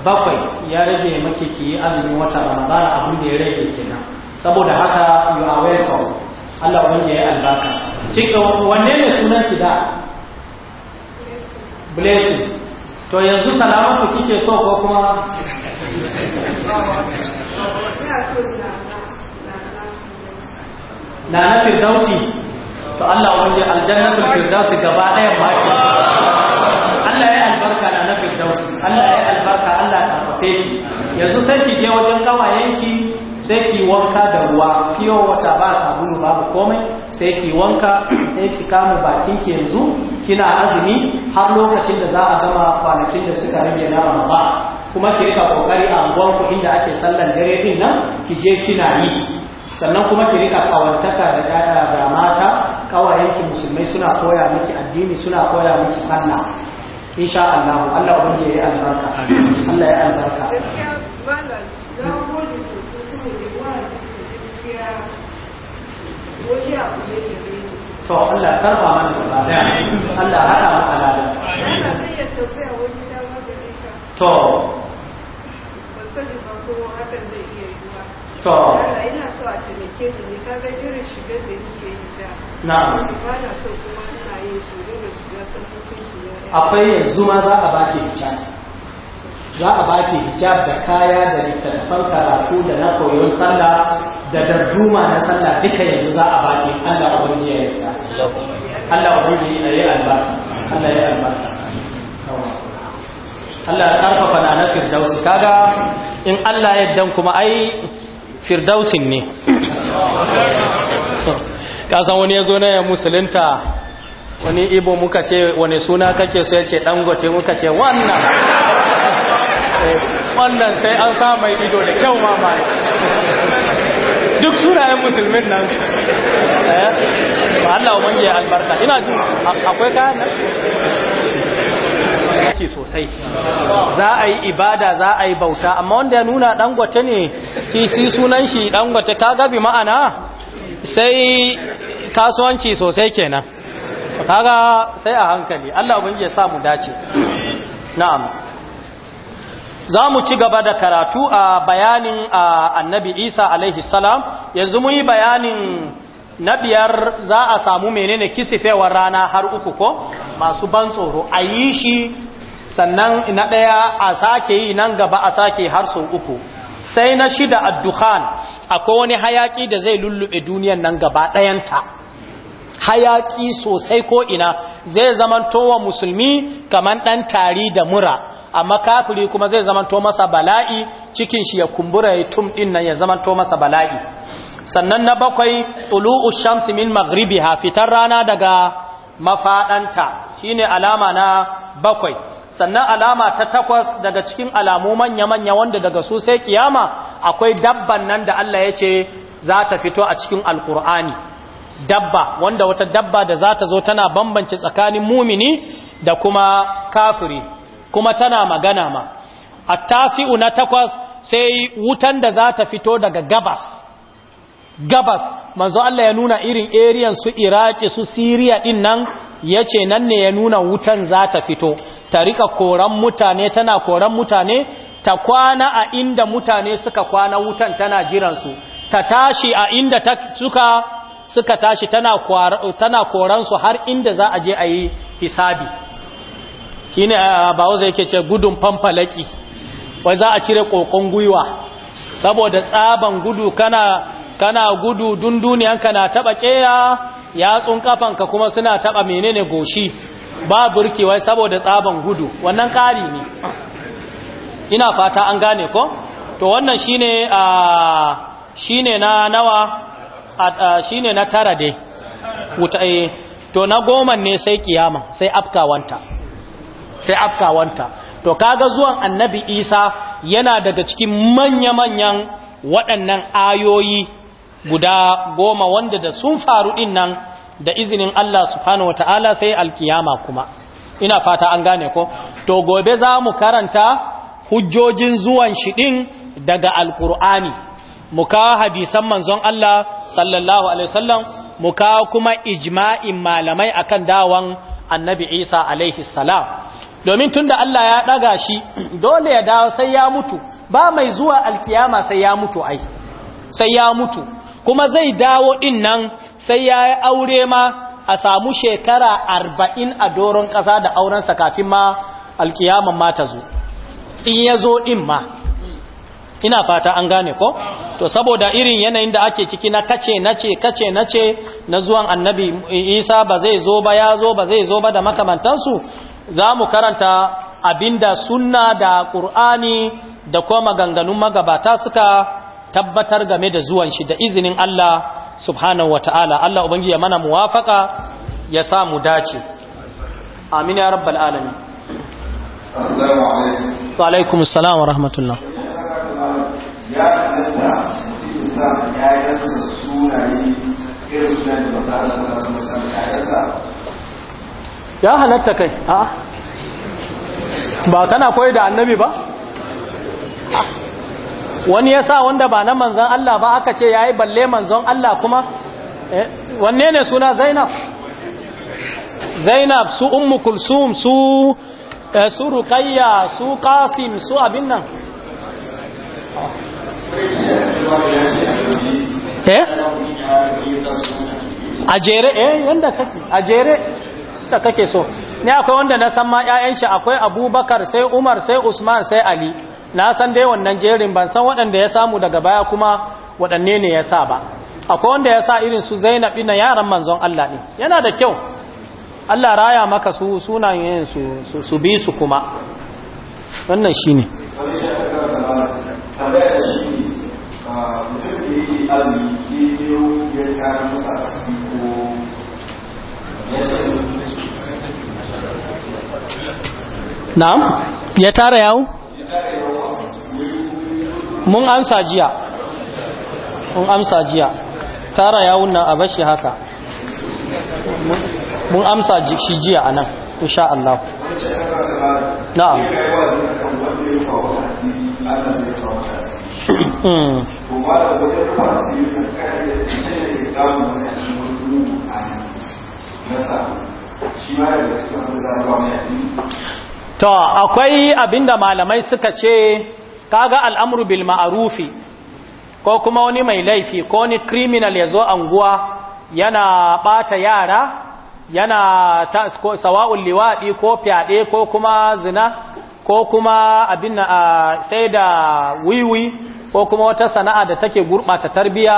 bakwai ya rage mace ki yi azumin wata ramadana abin da ya rage kenan saboda haka you are welcome Allah wanda ya albarka cikin wanne ne sunan ki da blessing to yanzu salamatu kike so ko kuma na na firdausi to Allah wani aljannatul firdaus gaba ɗaya ba shi Allah ya albarka na na firdaus Allah ya albarka Allah ya tafafe ki yanzu sai ki je wajen yanki sai ki wanka da ruwa kiyo wata ba sabulu babu komai sai ki wanka sai ki kama bakin ki yanzu kina azumi har lokacin da za a gama kwanakin da suka rage na Ramadan kuma ki rika kokari a ku inda ake sallan dare din nan ki je kina yi sannan kuma ki rika kawantaka da da mata kawayenki musulmai suna koya miki addini suna koya miki sallah insha Allah Allah ubangiji ya albarka Allah ya albarka to Allah karba mana gaba daya Allah hada mu alada to to ina so a taimake ni ka ga irin shigar da yake yi da na'am akwai yanzu ma za a baki hijab za a baki hijab da kaya da littattafan karatu da na koyon sallah da darduma na sallah duka yanzu za a baki Allah ubangiji ya yarda Allah ubangiji na yi albarka Allah ya albarka Allah ya karfafa na na firdausi kaga in Allah ya dan kuma ai firdausin ne kasan wani ya zo na ya musulunta wani ibo muka ce wani suna kake so ya ce dangote muka ce wannan eh, wannan sai an sa mai ido da kyau mama duk sunayen musulmin nan ba eh, Allah wange albarka ina jin akwai kayan nan sosai za a yi ibada za a yi bauta amma wanda ya nuna dangote ne si sunan shi dangote ta gabi ma'ana sai kasuwanci sosai kenan kaga sai a hankali Allah ubangi ya samu dace na'am za mu ci gaba da karatu a bayanin annabi isa alaihi salam yanzu mu yi bayanin na biyar za a samu menene kisifewar rana har uku ko masu ban tsoro a yi shi sannan na ɗaya a sake yi nan gaba a sake har sau uku sai na shida addukhan akwai wani hayaki da zai lullube duniyan nan gaba ɗayanta hayaki sosai ko ina zai zamantowa musulmi kaman ɗan tari da mura amma kafiri kuma zai zamanto masa bala'i cikin shi ya kumbura ya tum ɗin nan ya zamanto masa bala'i sannan na bakwai tulu'u shamsi min ha fitar rana daga mafaɗanta shine alama na bakwai sannan alama ta takwas daga cikin alamu manya-manya wanda daga su sai kiyama akwai dabban nan da Allah ya ce za ta fito a cikin alkur'ani dabba wanda wata dabba da za ta zo tana bambance tsakanin mumini da kuma kafiri kuma tana magana ma a tasi'u na takwas sai wutan da za ta fito daga gabas gabas manzo Allah ya nuna irin ariyan su iraki su siriya din nan ya nan ne ya nuna wutan za ta fito ta rika koran mutane tana koran mutane ta kwana a inda mutane suka kwana wutan tana jiransu ta tashi a inda ta, suka suka tashi tana, tana su har inda za a je a yi hisabi kine ne zai yake ce gudun fanfalaki wai za a cire ƙoƙon gwiwa saboda tsaban gudu kana kana gudu dunduniyanka na taba keya yatsun kafanka kuma suna taba menene goshi ba burki saboda tsaban gudu wannan ƙari ne ina fata an gane ko to wannan shine a shine na nawa shine na tara dai wuta eh to na goma ne sai kiyama sai afkawanta sai afkawanta to kaga zuwan annabi Isa yana daga cikin manya-manyan waɗannan ayoyi guda goma wanda da sun faru ɗin da izinin Allah subhanahu wata'ala sai alkiyama kuma ina fata an gane ko to gobe za mu karanta hujjojin zuwan shi ɗin daga alkur'ani mu ka hadisan manzon Allah sallallahu alaihi wasallam mu ka kuma ijma'in malamai akan dawan annabi Isa alaihi salam domin tunda Allah ya daga shi dole ya dawo sai ya mutu ba mai zuwa alkiyama sai ya mutu ai sai ya mutu kuma zai dawo in nan sai ya yi aure ma a samu shekara arba'in a doron ƙasa da aurensa kafin ma alkiyaman ma ta zo in ya zo ɗin ma ina fata an gane ko to saboda irin yanayin da ake ciki na kace nace kace nace na zuwan annabi isa ba zai zo ba ya zo ba zai zo ba da makamantansu za mu karanta abinda sunna da ƙur'ani da kuma maganganun magabata suka tabbatar game da zuwan shi da izinin Allah subhanahu wata'ala Allah ubangiji ya mana muwafaka ya sa mu dace amin ya rabbal alamin assalamu alaikum wa alaikum assalam wa rahmatullah ya tsanta mutum sa yayansa sunaye irin sunan da ba za su san yayansa ya halatta kai ba kana koyi da annabi ba wani ya sa wanda ba na manzon Allah ba aka ce ya yi balle manzon Allah kuma eh, wanne ne suna zainab zainab su ummu kulsum su eh, su rukayya su Kasim, su abin nan eh? a jere eh yanda kake a jere da kake so Ni akwai wanda na san ma 'ya'yan shi akwai abubakar sai umar sai usman sai ali na san dai wannan jerin ban san waɗanda ya samu daga baya kuma waɗanne ne ya sa ba akwai wanda ya sa irin su zainab na yaran manzon Allah ne yana da kyau Allah raya maka su sunayen su su bi su kuma wannan shi ne na'am ya tara yawo mun amsa jiya mun amsa jiya tara yawun nan a bashi haka mun amsa shi jiya a nan insha Allah na'am hmm. ta akwai abinda malamai suka ce kaga al'amru bil ma'arufi ko kuma wani mai laifi ko wani criminal ya zo anguwa yana ɓata yara yana sawa'ul liwaɗi ko fyaɗe ko kuma zina ko kuma abin a sai da wiwi ko kuma wata sana'a da take gurɓata tarbiya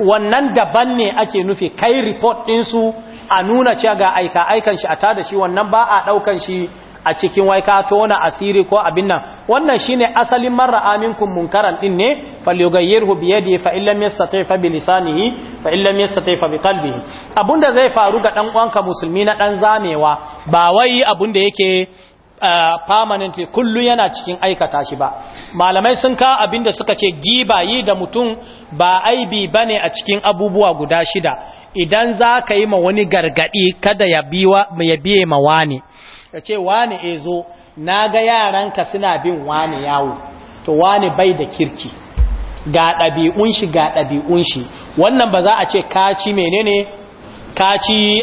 wannan daban ne ake nufi kai report ɗinsu a nuna cewa ga aika aikan shi a tada shi wannan ba a daukan shi a cikin wai ka tona asiri ko abin nan wannan shine asalin marra aminkum munkaran din ne falyughayyirhu bi yadihi fa illam yastati fa bi lisanihi fa illam yastati fa bi qalbihi abunda zai faru ga dan uwanka musulmi na dan zamewa ba wai abunda yake permanently kullu yana cikin aikata shi ba malamai sun ka abinda suka ce giba yi da mutum ba aibi bane a cikin abubuwa guda shida idan za ka yi ma wani gargadi kada ya biye ma wani ya ce wani e zo na ga yaranka suna bin wani yawo to wani bai da kirki ga ɗabi'un shi ga ɗabi'un shi wannan ba za a ce kaci menene ka ci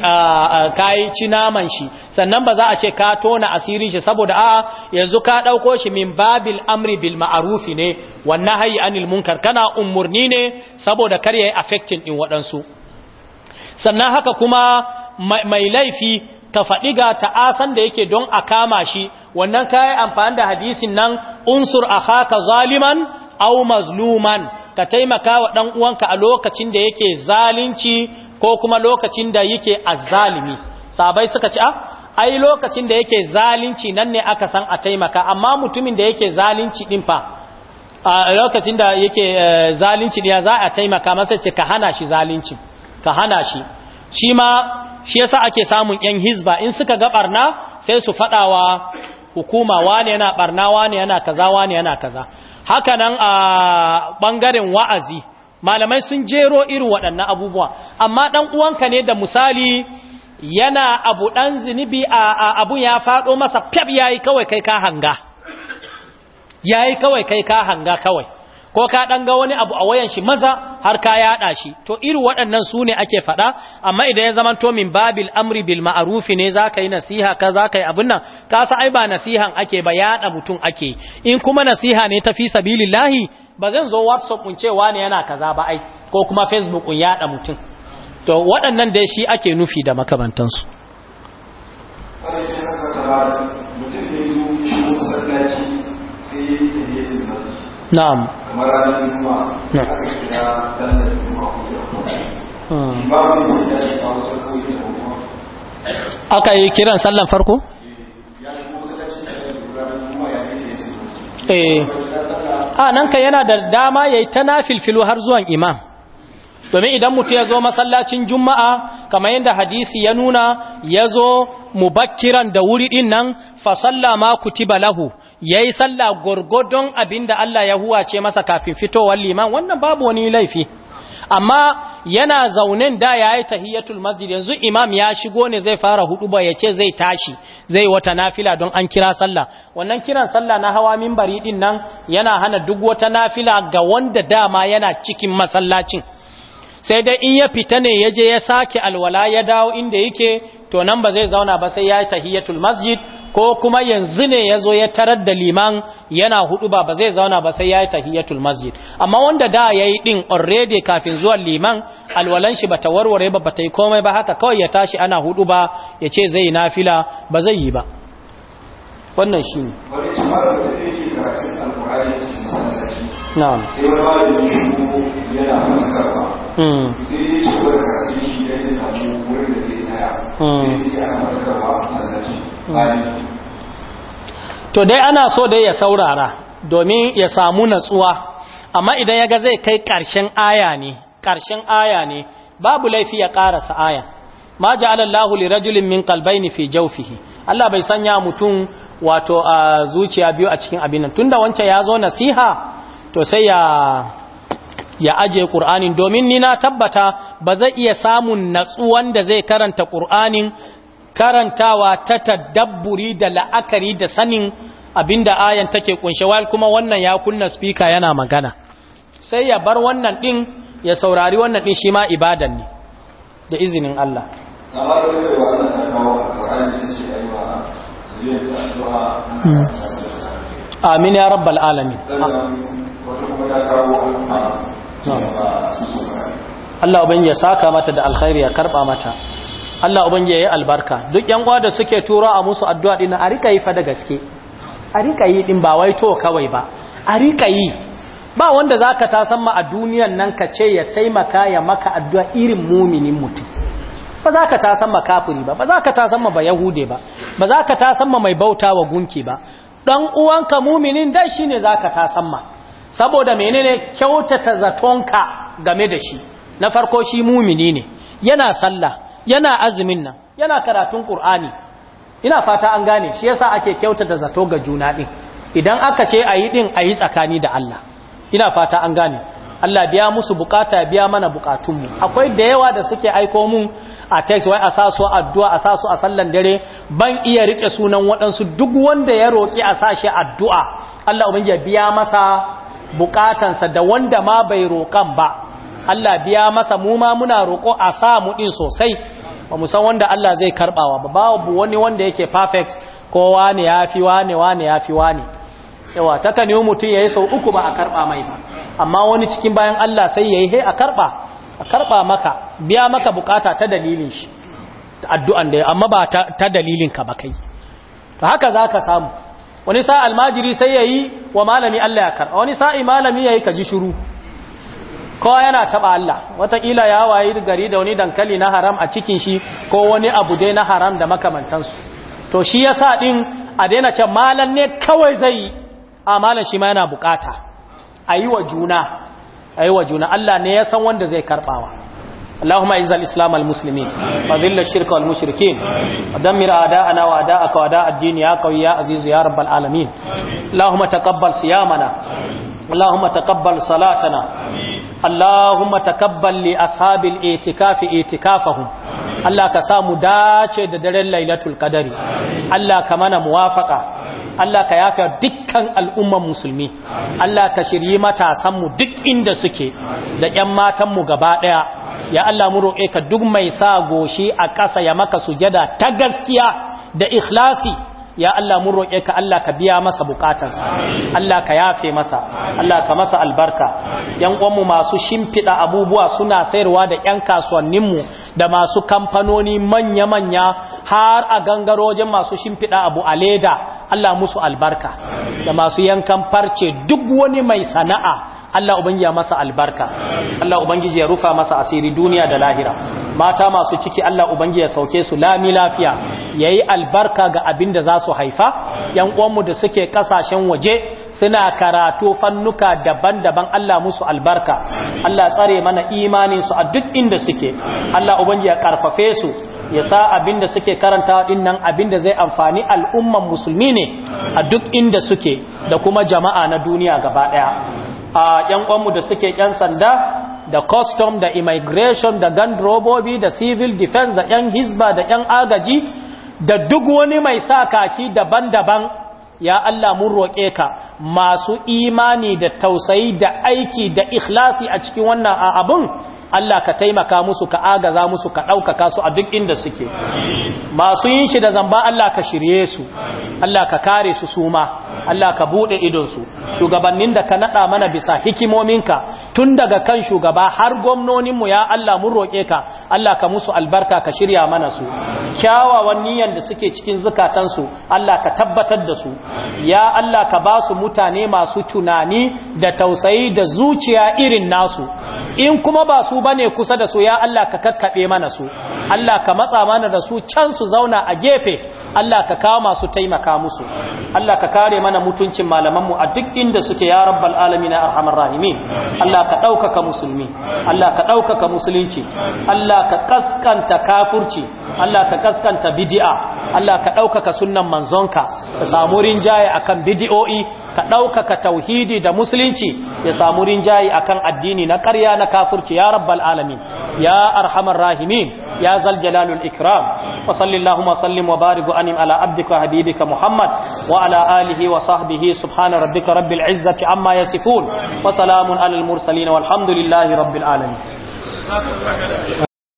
kayi ci naman shi sannan ba za a ce ka tona asirin shi saboda a yanzu ka ɗauko shi min babil amri bil ma'arufi ne wannan hayi anil munkar kana umurni ne saboda kar yayi affecting din waɗansu sannan haka kuma mai laifi ka faɗi ga ta'asan da yake don a kama shi wannan kayi amfani da hadisin nan unsur akhaka zaliman au mazluman ka taimaka wa ɗan uwanka a lokacin da yake zalunci ko kuma lokacin da yake azzalimi sabai suka ci a ah, ai lokacin da yake zalunci nan ne aka san a taimaka amma mutumin da yake zalunci din fa a lokacin da yake eh, zalunci ya za a taimaka masa ce ka hana shi zalunci ka hana shi shi ma shi yasa ake samun yan hizba in suka ga barna sai su fadawa hukuma wane yana barna wane yana kaza wane yana kaza hakanan a ɓangaren wa'azi malamai sun jero irin waɗannan abubuwa amma ɗan uwanka ne da misali yana abu ɗan zinibi a abun ya faɗo masa fiyab ya yi kawai kai ka hanga ya yi kawai kai ka hanga kawai ko ka ɗan ga wani abu a wayan shi maza har ka yaɗa shi to irin waɗannan su ne ake faɗa amma idan ya zama to min babil amri bil ma'arufi ne za ka yi nasiha ka za ka yi abin nan ka sa ai ba nasihan ake ba yaɗa mutum ake in kuma nasiha ne ta fi sabilillahi ba zan zo whatsapp mun ce wani yana kaza ba ai ko kuma facebook mun yaɗa mutum to waɗannan dai shi ake nufi da makamantansu mutum ne zo shi sai ya yi na'am kamar ranar juma'a aka juma'a hmm. da aka yi kiran sallan farko a nan kan yana da dama yayi ta nafilfilu har zuwan imam domin idan mutum ya zo masallacin juma'a kamar yadda hadisi ya nuna ya zo mubakiran da wuri din nan fasalla ma kutiba lahu ya yi sallah gwargwadon abin da Allah ya huwace masa kafin fitowar liman wannan babu wani laifi amma yana zaunen da ya yi tahiyyatul masjid yanzu imam ya shigo ne zai fara huduba ya ce zai tashi zai wata nafila don an kira sallah wannan kiran sallah na hawa mimbari din nan yana hana duk wata nafila ga wanda dama yana cikin masallacin sai dai in ya fita ne ya je ya sake alwala ya dawo inda yake to nan ba zai zauna ba sai ya yi tahiyatul masjid ko kuma yanzu ne ya zo ya tarar da liman yana hudu ba ba zai zauna ba sai ya yi tahiyatul masjid amma wanda da yayi yi ɗin already kafin zuwa liman alwalan shi ba ta warware ba ba ta yi komai ba haka kawai ya tashi ana hudu ba ya ce zai nafila ba zai yi ba wannan shi ne na'am sai wani ba yana karba. Hmm. sai dai da shi samu wurin da zai tsaya hmm. sai dai karba sannan hmm. to dai ana so dai ya saurara domin ya samu natsuwa amma idan ya ga zai kai ƙarshen aya ne ƙarshen aya ne babu laifi ya ƙarasa aya ma ja'alallahu li rajulin min qalbayni fi jawfihi Allah bai sanya mutum wato a zuciya biyu a cikin abin nan tunda wancan ya zo nasiha to sai ya ya aje ƙur'anin domin ni na tabbata ba zai iya samun natsuwan da zai karanta ƙur'anin karantawa ta tadabburi da la'akari da sanin abinda ayan take kunshe wal kuma wannan ya kunna speaker yana magana sai ya bar wannan din ya saurari wannan din shi ma ibadan ne da izinin Allah hmm. amin ya rabbal alamin Allah ubangi ya saka mata da alkhairi ya karba mata Allah ubangi ya yi albarka duk yan da suke tura a musu addu'a din a rika yi fa da gaske a rika yi din ba wai to kawai ba a rika yi ba wanda zaka ta san ma a duniyan nan ka ce ya taimaka ya maka addu'a irin muminin mutum ba za ka ta san ma kafiri ba ba za ka ta san ma ba yahude ba ba za ka ta san ma mai bauta wa gunki ba dan uwanka muminin dai shine za ka ta san ma saboda menene kyautata zatonka game da shi na farko shi mumini ne yana sallah yana azumin nan yana karatun qur'ani ina fata an gane shi yasa ake kyautata zato ga juna din idan aka ce ayi din ayi tsakani da Allah ina fata an gane Allah biya musu bukata biya mana bukatunmu akwai da yawa da suke aiko mun a text wai a sa addu'a a sa a sallan dare ban iya rike sunan waɗansu duk wanda ya roƙi a sa shi addu'a Allah ya biya masa bukatansa da wanda ma bai roƙan ba Allah biya masa mu ma muna roƙo a samu ɗin sosai ba mu wanda Allah zai karɓawa ba babu wani wanda yake perfect ko wane ya fi wane wane ya yawa ta mutum ya yi sau uku ba a karɓa mai ba amma wani cikin bayan Allah sai ya yi he a karɓa a karɓa maka biya maka bukata ta dalilin shi addu'an da amma ba ta dalilin ka ba kai to haka za ka samu wani sa almajiri sai ya yi wa malami Allah ya karɓa wani sa'i malami ya yi ka ji shuru kowa yana taɓa Allah wataƙila ya wayi gari da wani dankali na haram a cikin shi ko wani abu dai na haram da makamantansu to shi ya sa ɗin a daina can. malam ne kawai zai yi a malam shi ma yana buƙata a yi wa juna a yi wa juna Allah ne ya san wanda zai karɓawa اللهم اعز الاسلام والمسلمين وذل الشرك والمشركين ودمر اعداءنا واعداءك واعداء الدين يا قوي يا عزيز يا رب العالمين اللهم تقبل صيامنا اللهم تقبل صلاتنا اللهم تقبل لاصحاب الاعتكاف اعتكافهم Allah ka samu dace da daren lailatul qadari Allah ka mana muwafaka Allah ka yafe dukkan al'umman musulmi Allah ka shirye matasanmu duk inda suke da ‘yan matanmu gaba ɗaya ya Allah mu roƙe ka duk mai sa goshi a ƙasa ya maka sujada ta gaskiya da ikhlasi ya Allah mun roƙe ka Allah ka biya masa buƙatarsa Allah ka yafe masa Allah ka masa albarka yan uwanmu masu shimfiɗa abubuwa suna sayarwa da yan kasuwanninmu da masu kamfanoni manya-manya har a gangaro masu shimfiɗa abu a leda Allah musu albarka da masu yankan farce duk wani mai sana'a Allah ubangi ya masa albarka Allah ubangiji ya rufa masa asiri duniya da lahira mata masu ciki Allah ubangiji ya sauke su lami lafiya yayi albarka ga abin da za su haifa yan uwanmu da suke kasashen waje suna karatu fannuka daban-daban Allah musu albarka Allah tsare mana imanin su a duk inda suke Allah ubangi ya karfafe su ya sa abin da suke karanta din nan abin da zai amfani al'umman musulmi ne a duk inda suke da kuma jama'a na duniya gaba daya a yan uwanmu da suke yan sanda da custom da immigration da robobi da civil defense da yan hisba da yan agaji da duk wani mai sa kaki daban-daban ya Allah mun roƙe ka masu imani da tausayi da aiki da ikhlasi a cikin wannan abun Allah ka taimaka musu ka agaza musu ka ɗaukaka su a duk inda suke masu yin shi da zamba Allah ka shirye su Allah ka kare su suma Allah ka idon su shugabannin da ka naɗa mana bisa hikimomin ka tun daga kan shugaba har mu ya Allah mun roƙe ka Allah ka musu albarka ka shirya mana su kyawawan niyan da suke cikin zukatansu Allah ka tabbatar da su ya Allah ka ba su mutane masu tunani da tausayi da zuciya irin nasu in kuma ba su bane kusa da su ya Allah ka kakkaɓe mana su Allah ka matsa mana da su can su zauna a gefe Allah ka kawo masu taimaka musu Allah ka kare mana mutuncin malamanmu a duk inda suke ya rabbal alamin arhamar rahimin Allah ka ɗaukaka musulmi Allah ka ɗaukaka musulunci Allah ka kaskanta kafurci Allah ka kaskanta bidi'a Allah ka ɗaukaka sunnan manzonka ka samu rinjaye akan bidi'o'i ka ɗaukaka tauhidi da musulunci ya samu rinjaye akan addini na ƙarya na kafurci ya rabbal alamin ya arhamar rahimin ya zal jalalul ikram wa sallallahu wa sallim wa وسلام على عبدك وحبيبك محمد وعلى آله وصحبه سبحان ربك رب العزة عما يصفون وسلام على المرسلين والحمد لله رب العالمين